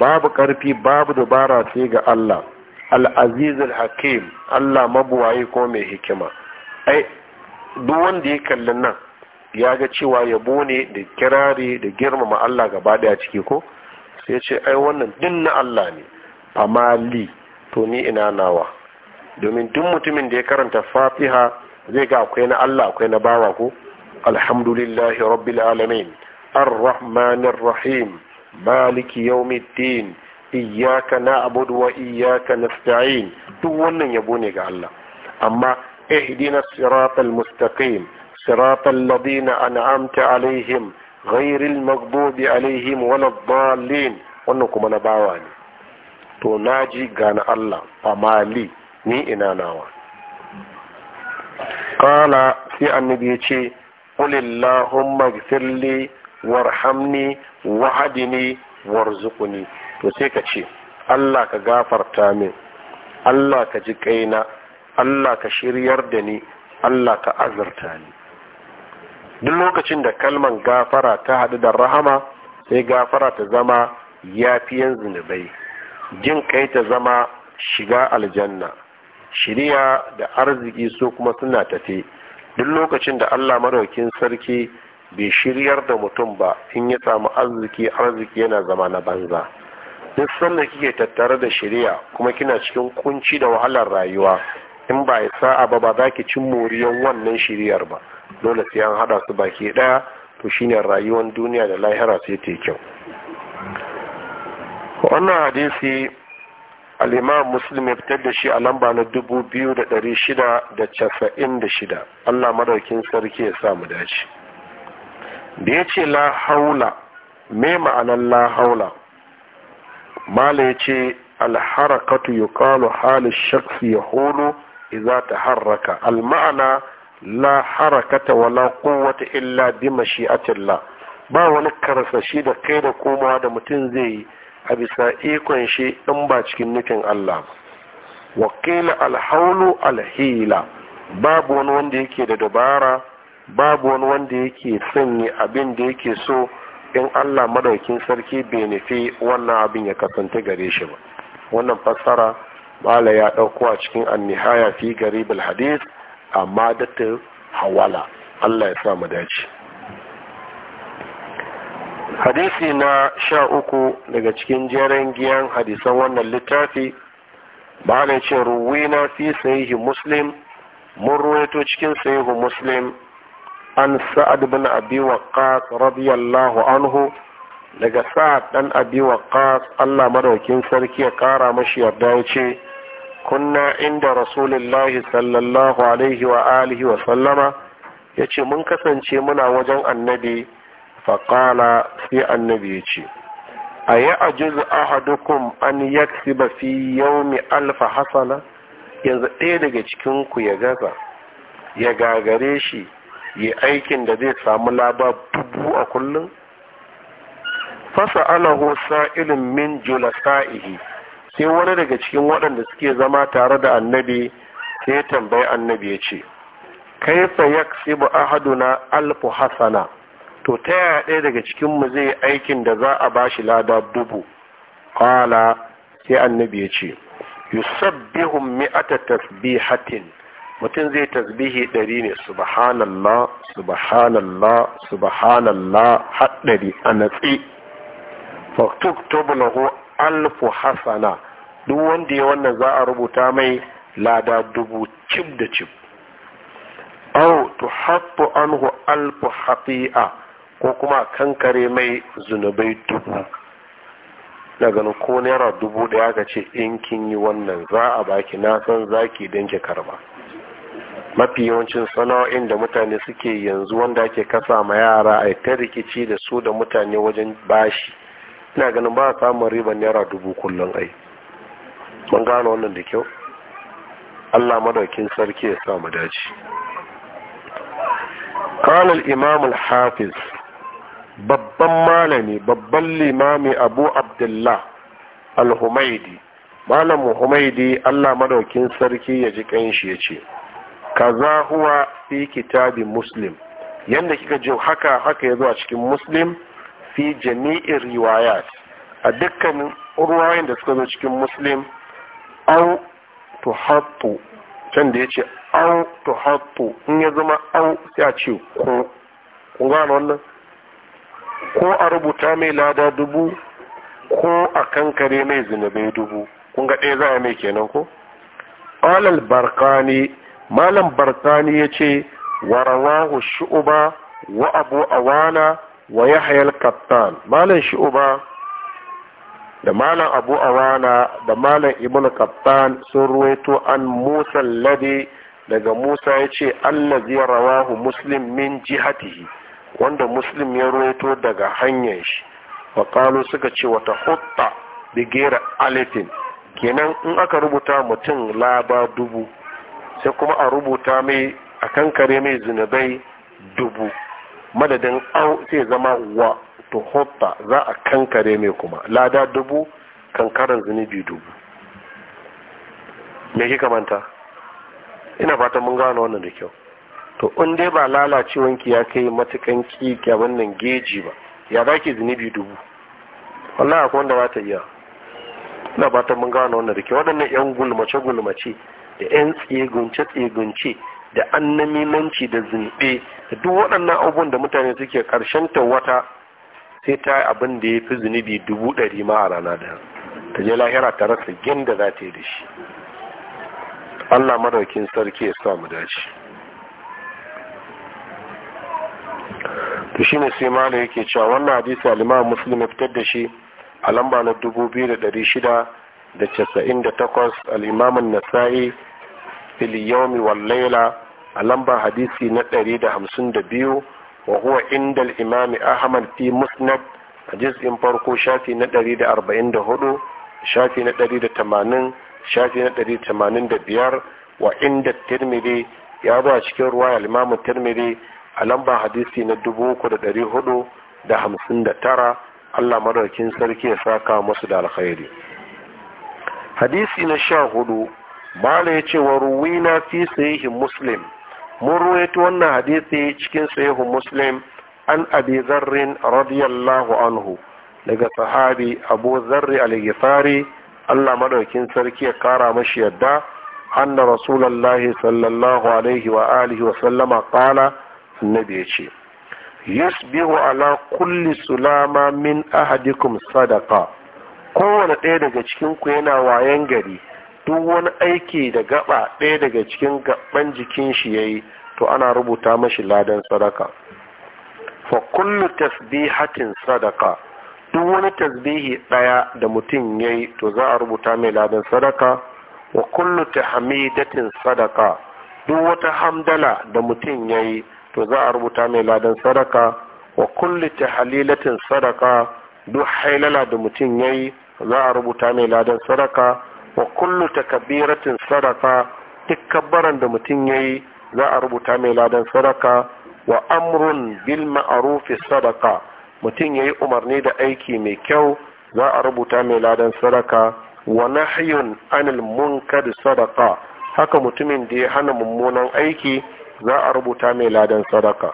Speaker 1: babu karfi babu dubara sai ga Allah al-aziz al-hakim Allah mabuwaye ko mai hikima ai duk wanda ya kalli nan ya ga cewa yabo ne da kirari da girmama Allah gaba daya ciki ko sai ce ai wannan dinna na Allah ne amma li to ni ina nawa domin duk mutumin da ya karanta fatiha zai ga akwai na Allah akwai na bawa ko alhamdulillahi rabbil alamin arrahmanir rahim maliki yawmiddin iyyaka na'budu wa iyyaka nasta'in duk wannan yabo ne ga Allah amma ihdina siratal mustaqim siratal ladina an'amta alaihim ghairil maghdubi alaihim waladdallin wannan kuma na bawa ne to naji ga na Allah famali ni ina nawa kala sai annabi ya ce qulillahumma gfirli warhamni wahadini warzuqni to sai ka ce Allah ka gafarta min Allah ka ji kaina Allah ka shiryar da ni Allah ka azurta ni duk lokacin da kalman gafara ta haɗu da rahama sai gafara ta zama yafiyan zunubai jin kai ta zama shiga aljanna shiriya da arziki su kuma suna tafe duk lokacin da allah maraukin sarki bai shiryar da mutum ba in ya samu arziki arziki yana zama na banza duk sannan kike tattare da shiriya kuma kina cikin kunci da wahalar rayuwa in ba ya sa'a ba ba za ki cin moriyan wannan shiryar ba dole sai an hada su baki ɗaya to shine rayuwar duniya da lahira sai ta kyau wannan hadisi al'imam muslim ya fitar da shi a lamba na dubu biyu da ɗari shida da casa'in da shida allah madaukin sarki ya samu dace da ya ce la haula me ma'anan la haula mala ya ce alharakatu yuqalu halin shaksu ya holo iza ta harraka alma'ana la harakata wala kowata illa bi mashi'atillah ba wani karsashi da kai da komawa da mutum zai yi a bisa ikon shi in ba cikin nufin Allah ba wakila alhaulu alhila babu wani wanda yake da dabara babu wani wanda yake sanya abin da yake so in Allah madaukin sarki bai nufi wannan abin ya kasance gare shi ba wannan fassara mala ya ɗauko a cikin annihaya fi garibul hadith amma da hawala Allah ya sa mu dace hadisi na sha uku daga cikin jeren giyan hadisan wannan littafi ba na ce ruwina fi sahihi muslim mun ruwaito cikin sahihu muslim an sa'ad bin abi waqqas radiyallahu anhu daga sa'ad ɗan abi waqqas Allah madaukin sarki ya kara mashi yarda ya ce kunna inda rasulullahi sallallahu alaihi wa alihi wa sallama yace mun kasance muna wajen annabi faƙala sai annabi ya ce a yi a jizu ahadukum an yaksi ba fi yaumi alfa hasana yanzu ɗaya daga cikinku ya gaza ya gagare shi ya aikin da zai samu laba dubu a kullum fasa alahu sa'ilin min julasa'ihi sai wani daga cikin waɗanda suke zama tare da annabi sai tambayi annabi ya ce kaifa yaksibu ahaduna alfu hasana to ta yaya ɗaya daga cikinmu zai yi aikin da za a ba shi lada dubu ƙala sai annabi ya ce yusabbihum mi'ata tasbihatin mutum zai tasbihi ɗari ne subhanallah subhanallah subhanallah haɗari a natsi faktub alfu hasana duk wanda ya wannan za a rubuta mai lada dubu cib da cib au tuhaqqu anhu alfu hafi'a ko kuma a kankare mai zunubai dubu na ganin ko naira dubu daya ka ce in kin yi wannan za a baki na san zaki don ki karba mafi yawancin sana'o'in da mutane suke yanzu wanda ake kasa ma yara a ta rikici da su da mutane wajen bashi ina ganin ba a samun riban naira dubu kullum ai mun gano wannan da kyau Allah madaukin sarki ya sa mu dace قال الإمام الحافظ babban malami babban limami abu abdullah al-humaidi malam humaidi allah madaukin sarki ya ji kanshi ya ce kaza huwa fi kitabi muslim yadda kika ji haka haka ya zo a cikin muslim fi jami'in riwayat a dukkanin ruwayen da suka zo cikin muslim au tuhattu can da ya ce au tuhattu in ya zama au sai a ce ku ku wannan ko a rubuta mai lada dubu ko a kankare mai zunubai dubu kun ga ɗaya za a mai kenan ko alal barkani malam barkani ya ce wa rawahu shu'uba wa abu awana wa yahya al malam shu'uba da malam abu awana da malam ibn Kaptan sun ruwaito an musa ladi daga musa ya ce allazi rawahu muslim min jihatihi wanda muslim ya ruwaito daga hanyar shi faƙalu suka ce wata hutta gera alifin kenan in aka rubuta mutum laba dubu sai kuma a rubuta mai a kankare mai zunubai dubu madadin au sai zama wa tuhutta za a kankare mai kuma lada dubu kankaran zunubi dubu me kika manta ina fatan mun gano wannan da kyau to in dai ba lalacewanki ya kai matukan ga wannan geji ba ya za ki zunubi dubu wallahi akwai wanda ba ta iya ina ta mun gano wannan rike waɗannan yan gulmace gulmace da yan tsegunce tsegunce da annamimanci da zunbe da duk waɗannan abubuwan da mutane suke ƙarshen ta wata sai ta yi abin da ya fi zunubi dubu ɗari ma a rana ɗaya ta je lahira ta rasa gin da za ta yi da shi Allah madaukin sarki ya sa mu dace to shine sai mala yake cewa wannan hadisi al-Imam Muslim ya fitar da shi a lamba na 2698 al-Imam An-Nasa'i fil yawmi wal layla a lamba hadisi na 152 wa huwa inda al-Imam Ahmad fi Musnad a juz'in farko shafi na 144 shafi na 180 shafi na 185 wa inda Tirmidhi ya zo a cikin ruwa al-Imam Tirmidhi a lamba hadisi na dubu uku da ɗari hudu da hamsin da tara allah madaukin sarki ya saka masu da alkhairi hadisi na sha hudu bala ya ce wa ruwina fi sahihin muslim mun ruwaito wannan hadisi cikin sahihin muslim an abi zarrin radiyallahu anhu daga sahabi abu zarri al allah madaukin sarki ya kara mashi yadda anna rasulullahi sallallahu alaihi wa alihi wa sallama qala annabi ya ce yusbihu ala kulli sulama min ahadikum sadaka. kowane ɗaya daga cikin ku yana wayan gari duk wani aiki da gaba ɗaya daga cikin gaban jikin shi yayi to ana rubuta mashi ladan sadaka fa kullu tasbihatin sadaka duk wani tasbihi ɗaya da mutum yayi to za a rubuta mai ladan sadaka wa kullu tahmidatin sadaka duk wata hamdala da mutum yayi to za a rubuta mai ladan sadaka wa kulli tahlilatin sadaka duk hailala da mutum yayi za a rubuta mai ladan sadaka wa kullu kabiratin sadaka duk kabbaran da mutum yayi za a rubuta mai ladan sadaka wa amrun bil ma'ruf sadaka mutum yayi umarni da aiki mai kyau za a rubuta mai ladan sadaka wa nahyun anil munkar sadaka haka mutumin da ya hana mummunan aiki za a rubuta mai ladan sadaka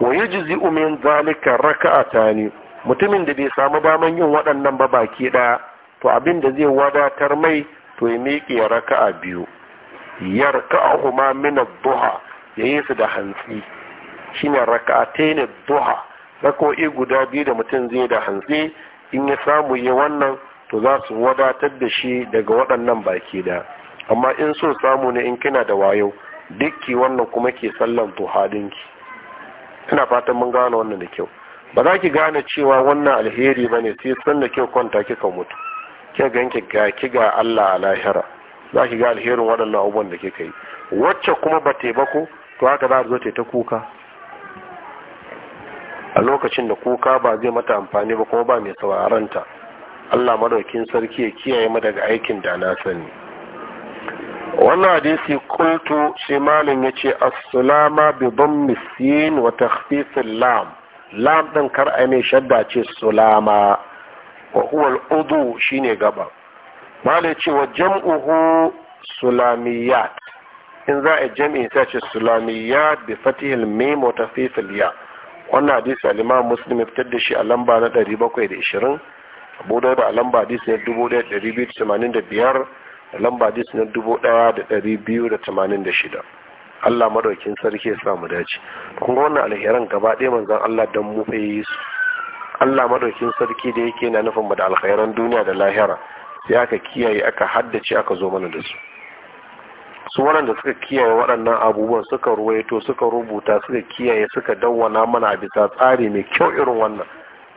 Speaker 1: wa yujzi'u min zalika ne? mutumin da bai samu daman yin waɗannan ba baki ɗaya to abin da zai wadatar mai to ya miƙe raka a biyu a min mina duha yi su da hantsi shine raka'atayn ad-duha rakoi guda biyu da mutum zai da hantsi in ya samu yi wannan to za su wadatar da shi daga waɗannan baki ɗaya. amma in so samu ne in kina da wayo dukki wannan kuma ke sallan tuhadinki ina fatan mun gane wannan da kyau ba za ki gane cewa wannan alheri ba ne sai san da kyau kwanta kika mutu ke ganki ga ki ga Allah a lahira za ki ga alherin waɗannan abubuwan da kika yi wacce kuma ba ta ba ko to haka za a zo ta ta kuka a lokacin da kuka ba zai mata amfani ba kuma ba mai sauraranta Allah madaukin sarki ya kiyaye mu daga aikin da na sani wannan hadisi kultu shi malin ya ce as-sulama bi don misin wa takhfifil lam lam din kar a mai shadda ce sulama wa huwa al-udu shine gaba malin ce wa jam'uhu sulamiyat in za a jam'i ta ce sulamiyat bi fatihil mim wa takhfifil ya wannan hadisi al-imam muslim ya fitar da shi a lamba na 720 abu da lamba hadisi 1285 lamba dis na dubu ɗaya da ɗari biyu da tamanin da shida Allah madaukin sarki ya samu dace Kuma wannan alheran gaba ɗaya manzon Allah dan mu fa yi su Allah madaukin sarki da yake na nufin da alheran duniya da lahira sai aka kiyaye aka haddace aka zo mana da su su waɗanda suka kiyaye waɗannan abubuwan suka ruwaito suka rubuta suka kiyaye suka dawwana mana a bisa tsari mai kyau irin wannan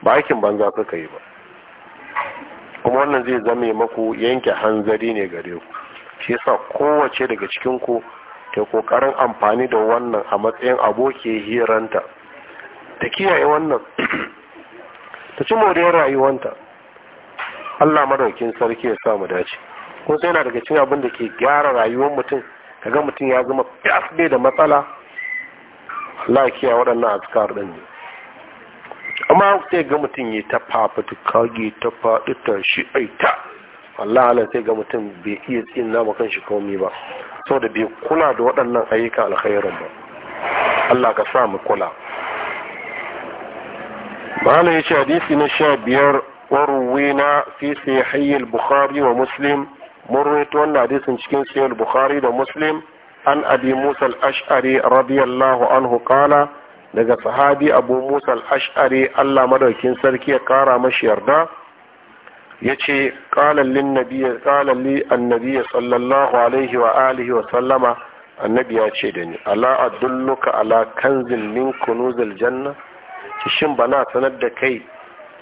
Speaker 1: ba aikin banza suka yi ba kuma wannan zai zame maku yanke hanzari ne gare ku shi yasa kowace daga cikin ku ta kokarin amfani da wannan a matsayin aboki hiranta ta kiyaye wannan ta ci moriyar rayuwanta Allah madaukin sarki ya sa mu dace kun sai yana daga cikin abin da ke gyara rayuwar mutum kaga mutum ya zama fiyas da matsala Allah ya kiyaye waɗannan azkar ɗin ne amma sai ga mutum ya ta fafata kage ta faɗi ta shi aita Allah sai ga mutum bai iya tsina ma kanshi komai ba saboda bai kula da waɗannan ayyuka alkhairan ba Allah ka sa mu kula malam yace hadisi na sha biyar waruwina fi sahih al-bukhari wa muslim mun wannan hadisin cikin sayar al-bukhari da muslim an abi musa al-ash'ari radiyallahu anhu qala daga sahabi abu musa al-ash'ari allah madaukin sarki ya kara mashi yarda ya ce ƙalallin annabiya sallallahu alaihi wa alihi wa sallama annabi ya ce da ni ala adulluka ala kanzin min kunuzil janna shin ba na sanar da kai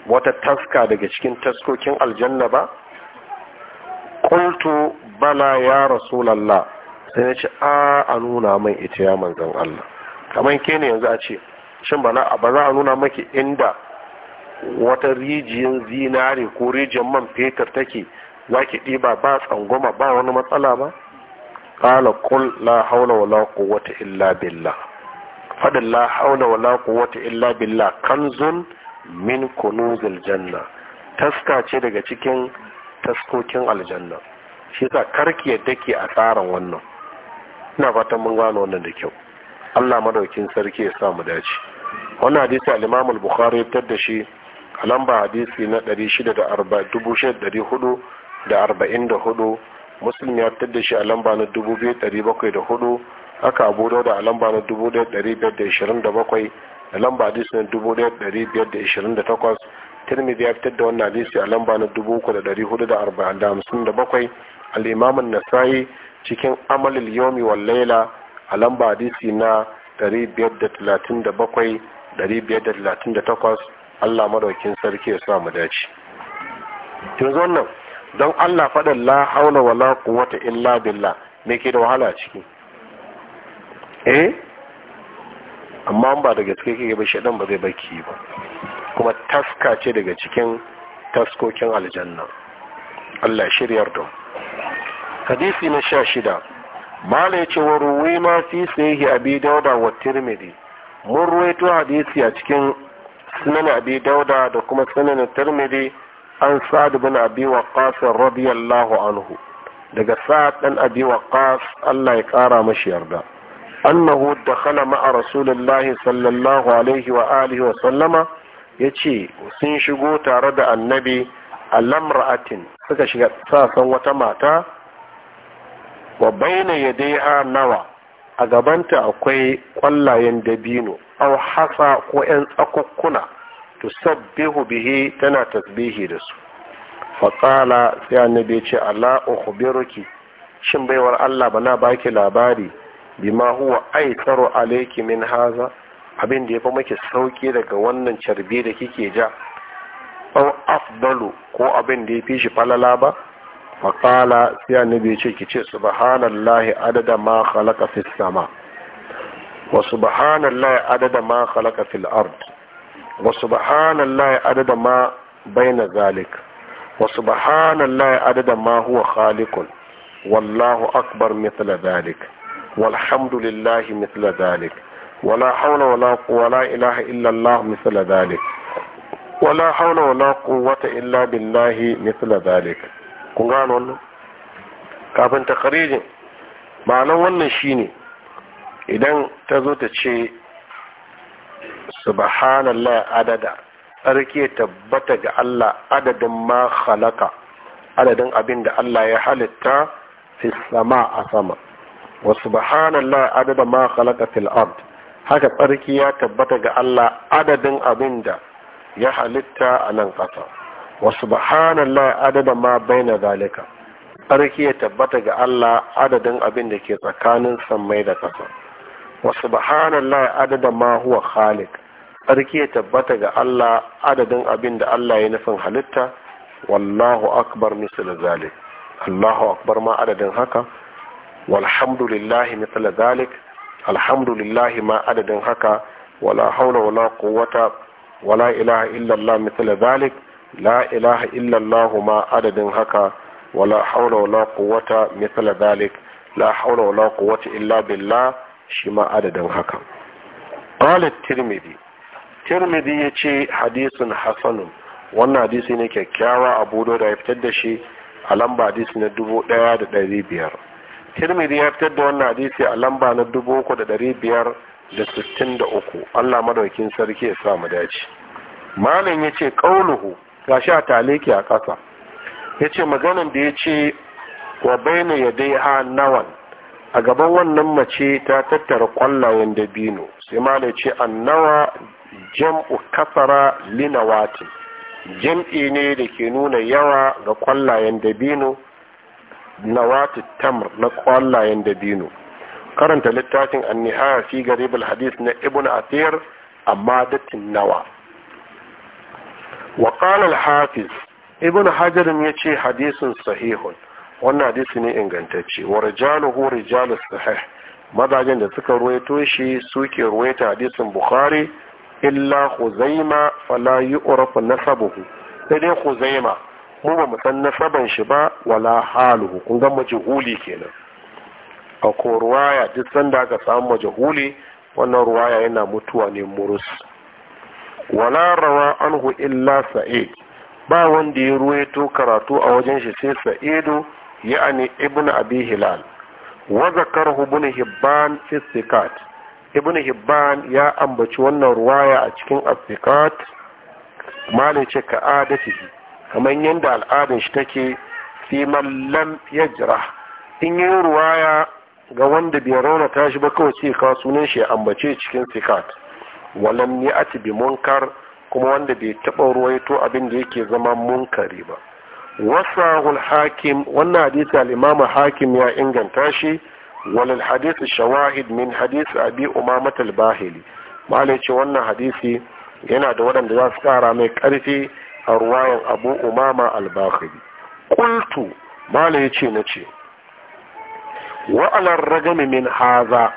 Speaker 1: wata taska daga cikin taskokin aljanna ba qultu bala ya rasulallah sai ya ce a a nuna min ita ya manzon Allah kamar ke ne yanzu a ce shin ba za a nuna maki inda wata rijiyar zinare ko rijiyar man fetur take za ki ɗiba ba tsangoma ba wani matsala ba ƙala kul la haula wa la quwwata illa billah fadin la haula wa la quwwata illa billah kanzun min kunuzil janna taska ce daga cikin taskokin aljanna shi yasa karki yadda ke a tsarin wannan ina fatan mun gano wannan da kyau Allah madaukin sarki ya samu dace wannan hadisi al-Imam al-Bukhari ya da shi a lamba hadisi na 6444 Muslim ya da shi a lamba na 2704 aka Abu Dawud a lamba na 1527 da lamba hadisi na 1528 Tirmidhi ya fitar da wannan hadisi a lamba na 3457 al-Imam an-Nasa'i cikin Amalul Yawmi wal laila a lamba hadisi na 537 538 Allah madaukin sarki ya sa mu dace zo nan, don Allah faɗin la haula wala quwwata illa billah me ke da wahala ciki eh amma ba da gaske kike ba shedan ba zai baki ba kuma taska ce daga cikin taskokin aljanna Allah shiryar don. hadisi na sha shida malai yace wa ma fi sahihi abi dauda wa tirmidhi mun ruwaito hadisi a cikin sunan abi dauda da kuma sunan tirmidhi an sa'ad bin abi waqqas radiyallahu anhu daga sa'ad dan abi waqqas Allah ya kara mashi yarda annahu dakhala ma'a rasulillahi sallallahu alaihi wa alihi wa sallama yace sun shigo tare da annabi a lamra'atin suka shiga sasan wata mata wa baina a nawa a gabanta akwai kwallayen dabino aw hasa ko yan tsakukkuna to tusabbihu bihi tana tasbihi da su Faƙala sai annabi ya ce ala ukhbiruki shin baiwar Allah bana baki labari bima huwa aitsaru alayki min haza abin da ya fi maki sauki daga wannan carbi da kike ja aw afdalu ko abin da ya fi shi falala ba فقال سي النبي شيكي شي سبحان الله عدد ما خلق في السماء وسبحان الله عدد ما خلق في الارض وسبحان الله عدد ما بين ذلك وسبحان الله عدد ما هو خالق والله اكبر مثل ذلك والحمد لله مثل ذلك ولا حول ولا قوة لا إله إلا الله مثل ذلك ولا حول ولا قوة إلا بالله مثل ذلك kun gano wannan kafin ta takarijin ma'anan wannan shine idan ta zo ta ce subhanallah adada tsarki tabbata ga Allah adadin ma halaka adadin abin da Allah ya halitta fi sama a sama wa subhanallah adada ma halaka fil ard haka tsarki ya tabbata ga Allah adadin abin da ya halitta a nan ƙasa wa subhanallah adada ma baina zalika sarki ya tabbata ga Allah adadin abin da ke tsakanin sammai da ƙasa wa subhanallah adada ma huwa khaliq sarki ya tabbata ga Allah adadin abin da Allah ya nufin halitta wallahu akbar misal zalik Allahu akbar ma adadin haka walhamdulillahi misal zalik alhamdulillahi ma adadin haka wala haula wala quwwata wala ilaha illallah misal zalik la ilaha illallah ma adadin haka wala haula wala quwwata mithla dhalik la haula wala quwwata illa billah shi ma adadin haka qala tirmidhi tirmidhi yace hadisun hasanun wannan hadisi ne kyakkyawa Budo da ya fitar da shi a lamba hadisi na dubu ɗaya da ɗari biyar tirmidhi ya fitar da wannan hadisi a lamba na dubu uku da ɗari biyar da sittin da uku allah madaukin sarki ya sa mu dace malam ya ce ƙauluhu gashi a taliki a ƙasa ya ce maganan da ya ce wa baina ya dai ha nawan a gaban wannan mace ta tattara kwallayen dabino sai ma da ce nawa jam'u kasara linawati jam'i ne da ke nuna yawa ga kwallayen dabino nawati tamr na kwallayen dabino karanta littafin annihaya fi garibul hadith na ibn athir amma dattin nawa wa qala hafiz ibn hajar ya ce hadisin sahihun wannan hadisi ne ingantacce wa rijaluhu rijalus sahih mazajen da suka ruwaito shi suke ruwaita hadisin bukhari illa huzaima fala yu'rafu nasabuhu sai dai huzaima mu ba mu san nasaban shi ba wala haluhu kun ga majhuli kenan a ko ruwaya duk sanda aka samu majhuli wannan ruwaya yana mutuwa ne murus wala rawa anhu illa sa'id ba wanda ya ruwaito karatu a wajen shi sai sa'idu ya'ani ibnu abi hilal wa zakarahu ibn hibban fi sikat ibn hibban ya ambaci wannan ruwaya a cikin asikat malin ce ka adatihi kamar yadda al'adun shi take fi mallam yajra in yi ruwaya ga wanda bai raunata shi ba kawai sai ka sunan shi ambace cikin sikat walam ya ati bi munkar kuma wanda bai taɓa ruwaito abin da yake zama munkari ba wasahul hakim wannan hadisi al-imamu hakim ya inganta shi walal hadisi shawahid min hadisi abi umamat al-bahili malai ce wannan hadisi yana da waɗanda za su ƙara mai ƙarfi a ruwayan abu umama al-bahili kultu malai ce na ce ragami min haza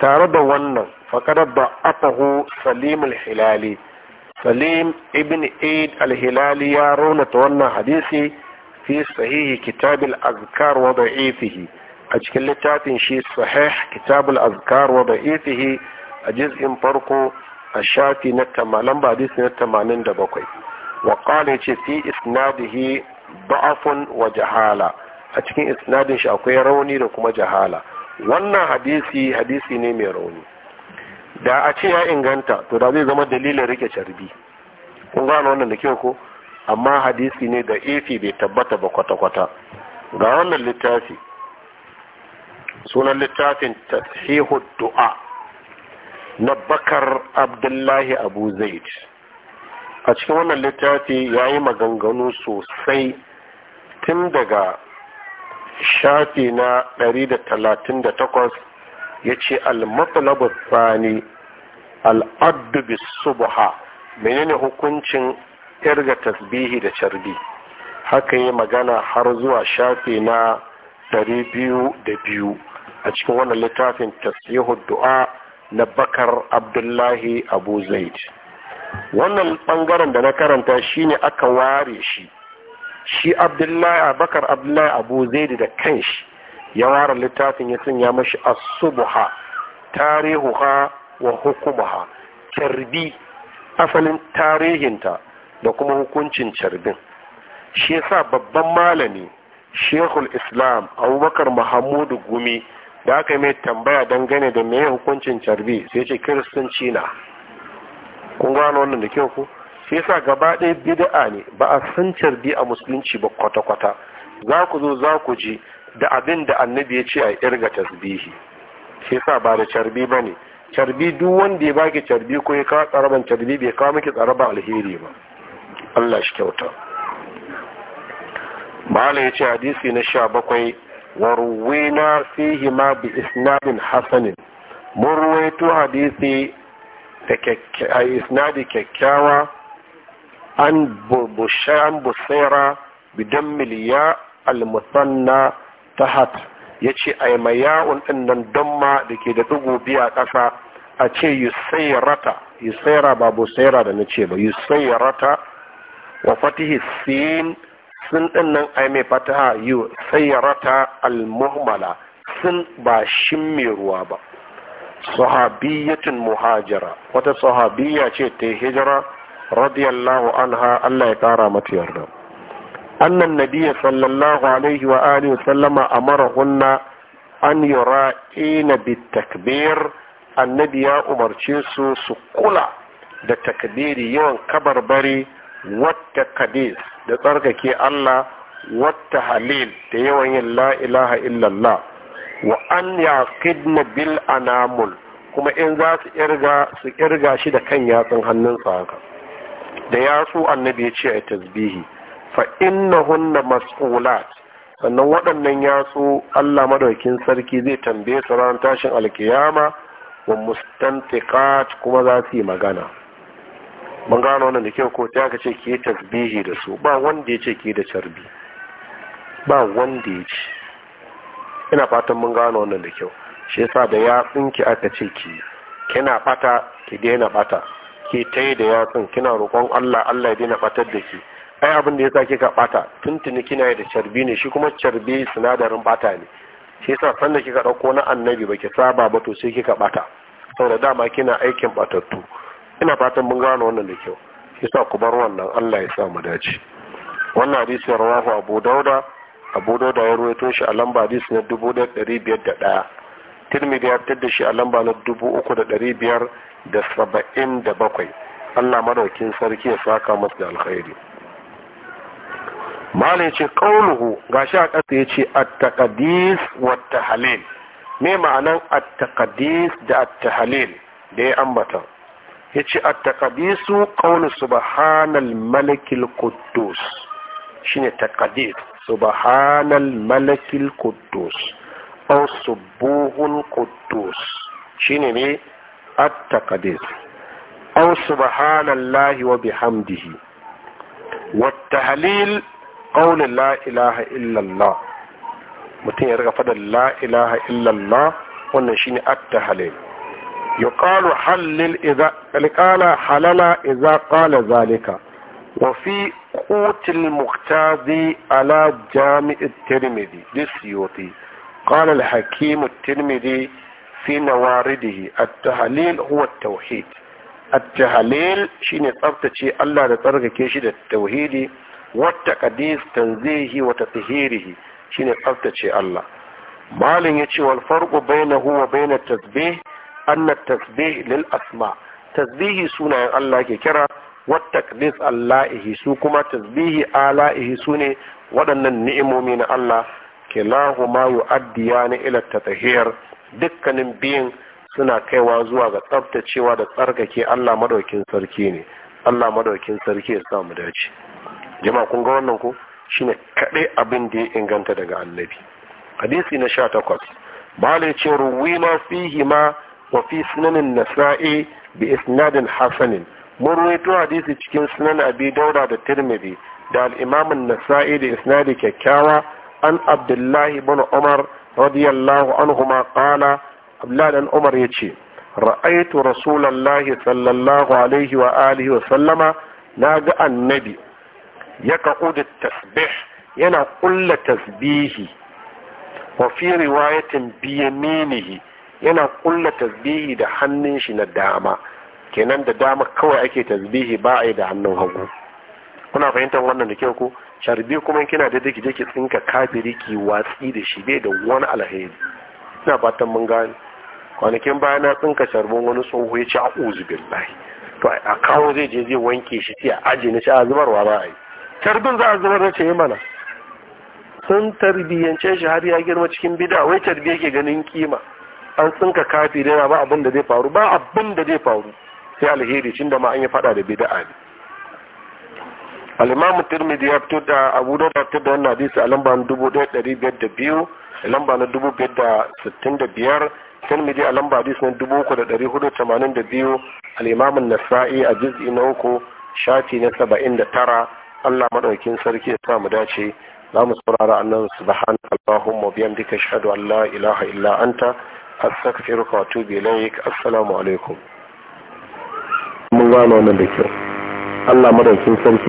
Speaker 1: tare da wannan فقد ضعفه سليم الهلالي سليم ابن عيد الهلالي يرون تولى حديثي في صحيح كتاب الأذكار وضعيفه أجكل لتاتين شي صحيح كتاب الأذكار وضعيفه جزء فرقه الشافي نتما لما حديث نتما نندبقي وقال في إسناده ضعف وجهالة أجكل إسناد شي أكوي روني لكم جهالة wannan hadisi hadisi ne mai rauni da a ce ya inganta to da zai zama dalilin rike carbi kun gano wannan da kyau ko amma hadisi ne da efi bai tabbata ba kwata-kwata ga wannan littafi sunan littafin tashihu du'a na bakar abdullahi abu zaid a cikin wannan littafi ya yi maganganu sosai tun daga shafi na 138 ya ce al-matlabu al al'addu bis subha menene hukuncin irga tasbihi da carbi haka yi magana har zuwa shafi na 202 da biyu a cikin wannan littafin tasihu du'a na bakar abdullahi abu zaid wannan bangaren da na karanta shine aka ware shi shi abdullahi bakar abdullahi abu zaid da kanshi ya ware littafin ya sanya mashi as-subha tarihuha wa hukumuha carbi asalin tarihinta da kuma hukuncin carbin shi yasa babban malami shekul islam abubakar mahamudu gumi da aka mai tambaya dangane da mai hukuncin carbi sai ce kiristanci na kun gano wannan da kyau ku sai yasa gaba ɗaya bida'a ne ba a san carbi a musulunci ba kwata-kwata za ku zo za ku ji da abin da annabi ya ce a irga tasbihi shi sa ba da carbi ba ne carbi duk wanda ya baki carbi ko ya kawo tsaraban carbi bai kawo miki tsaraba alheri ba Allah shi kyauta mala ya ce hadisi na sha bakwai wa ruwina fihi ma bi isnadin hasanin mun ruwaito hadisi da isnadi kyakkyawa an busaira bidan miliya al-musanna tahat ya ce a yi ma ɗin nan damma da ke da ɗigo biya ƙasa a ce yusayrata yusayra ba busaira da na ce ba yusayrata wa fatihi sin sun ɗin nan a yi mai fataha yusayrata al-muhmala sun ba shin mai ruwa ba sahabiyyatin muhajira wata sahabiyya ce ta hijira radiyallahu anha Allah ya kara mata yarda annan nabiyya sallallahu alaihi wa alihi wa sallama amarahunna an yura'ina bitakbir annabi ya umarce su su kula da takbiri yawan kabarbari wata kadis da tsarkake Allah wata halil da yawan yin la illallah wa an yaqidna bil anamul kuma in za su irga shi da kan yatsun hannunsa haka da yatsu annabi ya ce a tasbihi fa innahunna mas'ulat sannan waɗannan yatsu Allah madaukin sarki zai tambaye su ranar tashin alkiyama wa mustantiqat kuma za su yi magana mun gano wannan da kyau ko ta ka ce ki tasbihi da su ba wanda ya ce ki da carbi ba wanda ya ce ina fatan mun gano wannan da kyau shi yasa da yatsunki aka ce ki kina fata ki daina fata ki tai da yatsun kina roƙon Allah Allah ya daina fatar da ki ai abin da ya sake ka bata tuntuni kina da carbi ne shi kuma carbi sinadarin bata ne shi yasa sanda kika dauko na annabi baki saba ba to sai kika bata saboda dama kina aikin batattu ina fatan mun gano wannan da kyau shi yasa ku bar wannan Allah ya sa mu dace wannan hadisi rawahu Abu Dauda Abu Dauda ya rawaito shi a lamba hadisi na 1501 Tirmidhi ya tada shi a lamba na 3577 Allah madaukin sarki ya saka masa da alkhairi malai ce kauluhu gashi a ƙasa ya ce at-taqdis wa tahlil me ma'anan at-taqdis da at-tahlil da ya ambata yace at-taqdisu qawlu subhanal malikil quddus shine taqdis subhanal malikil quddus aw subuhul quddus shine ne at-taqdis aw subhanallahi wa bihamdihi wa kaunin la'ilaha illallah mutum ya rika fadar la'ilaha illallah wannan shine atta halil ya kalu halala halala iza kala zalika wa fi kutin muktazi ala jami'in tirmidhi disiyoti kala hakim tirmidhi fi nawaridihi atta halil huwa tawhid atta halil shine tsabtace allah da tsarkake shi da tawhidi wata kadis tanzihi wa tasihirihi shine tsaftace Allah malin yace wal farqu bainahu wa bain tasbih anna tasbih lil asma tasbihi sunan Allah ke kira wa taqdis Allahihi su kuma tasbihi alaihi sune waɗannan ni'imomi na Allah ma yu'addiyani ila tatahir dukkanin biyin suna kaiwa zuwa ga tsaftacewa da tsarkake Allah madaukin sarki ne Allah madaukin sarki ya samu dace jama'a kun ga wannan ko shine kaɗai abin da ya inganta daga annabi hadisi na sha takwas ya ce ruwina fihi ma wa fi sunanin nasa'i bi isnadin hasanin mun ruwaito hadisi cikin sunan abi daura da tirmidhi da al'imamin nasa'i da isnadi kyakkyawa an abdullahi bin umar radiyallahu anhuma qala abdullahi dan umar ya ce ra'aitu rasulallahi sallallahu alaihi wa alihi wa sallama na ga annabi ya kaƙudu tasbih yana ƙulla tasbihi wa fi riwayatin biyaminihi yana ƙulla tasbihi da hannun shi na dama kenan da dama kawai ake tasbihi ba a yi da hannun hagu kuna fahimtar wannan da kyau ko sharbi kuma kina da dake ki tsinka kafiri ki watsi da shi bai da wani alheri ina fatan mun gane kwanakin baya na tsinka sharbin wani tsoho ya ce a'udhu billahi to a kawo zai je zai wanke shi sai a aje na shi a zubarwa ba a yi tarbin za a zama da ce mana sun tarbiyyance shi har ya girma cikin bida wai tarbiyya ke ganin kima an tsinka kafi da yana ba abin da zai faru ba abin da zai faru sai alheri cin da ma an yi fada da bid'a ne alimamu imamu tirmidhi ya fito da abu da fito da wannan hadisi a lamba na dubu ɗaya ɗari biyar da biyu a lamba na dubu biyar da sittin da biyar tirmidhi a lamba hadisi na dubu uku da ɗari hudu tamanin da biyu alimamin nasa'i a jiz'i na uku shafi na saba'in da tara Allah madaukin sarki ya sa mu dace za mu saurara annan subhanaka allahumma bihamdika ashhadu an la ilaha illa anta astaghfiruka wa atubu ilaik assalamu alaikum mun gano nan da kyau Allah madaukin sarki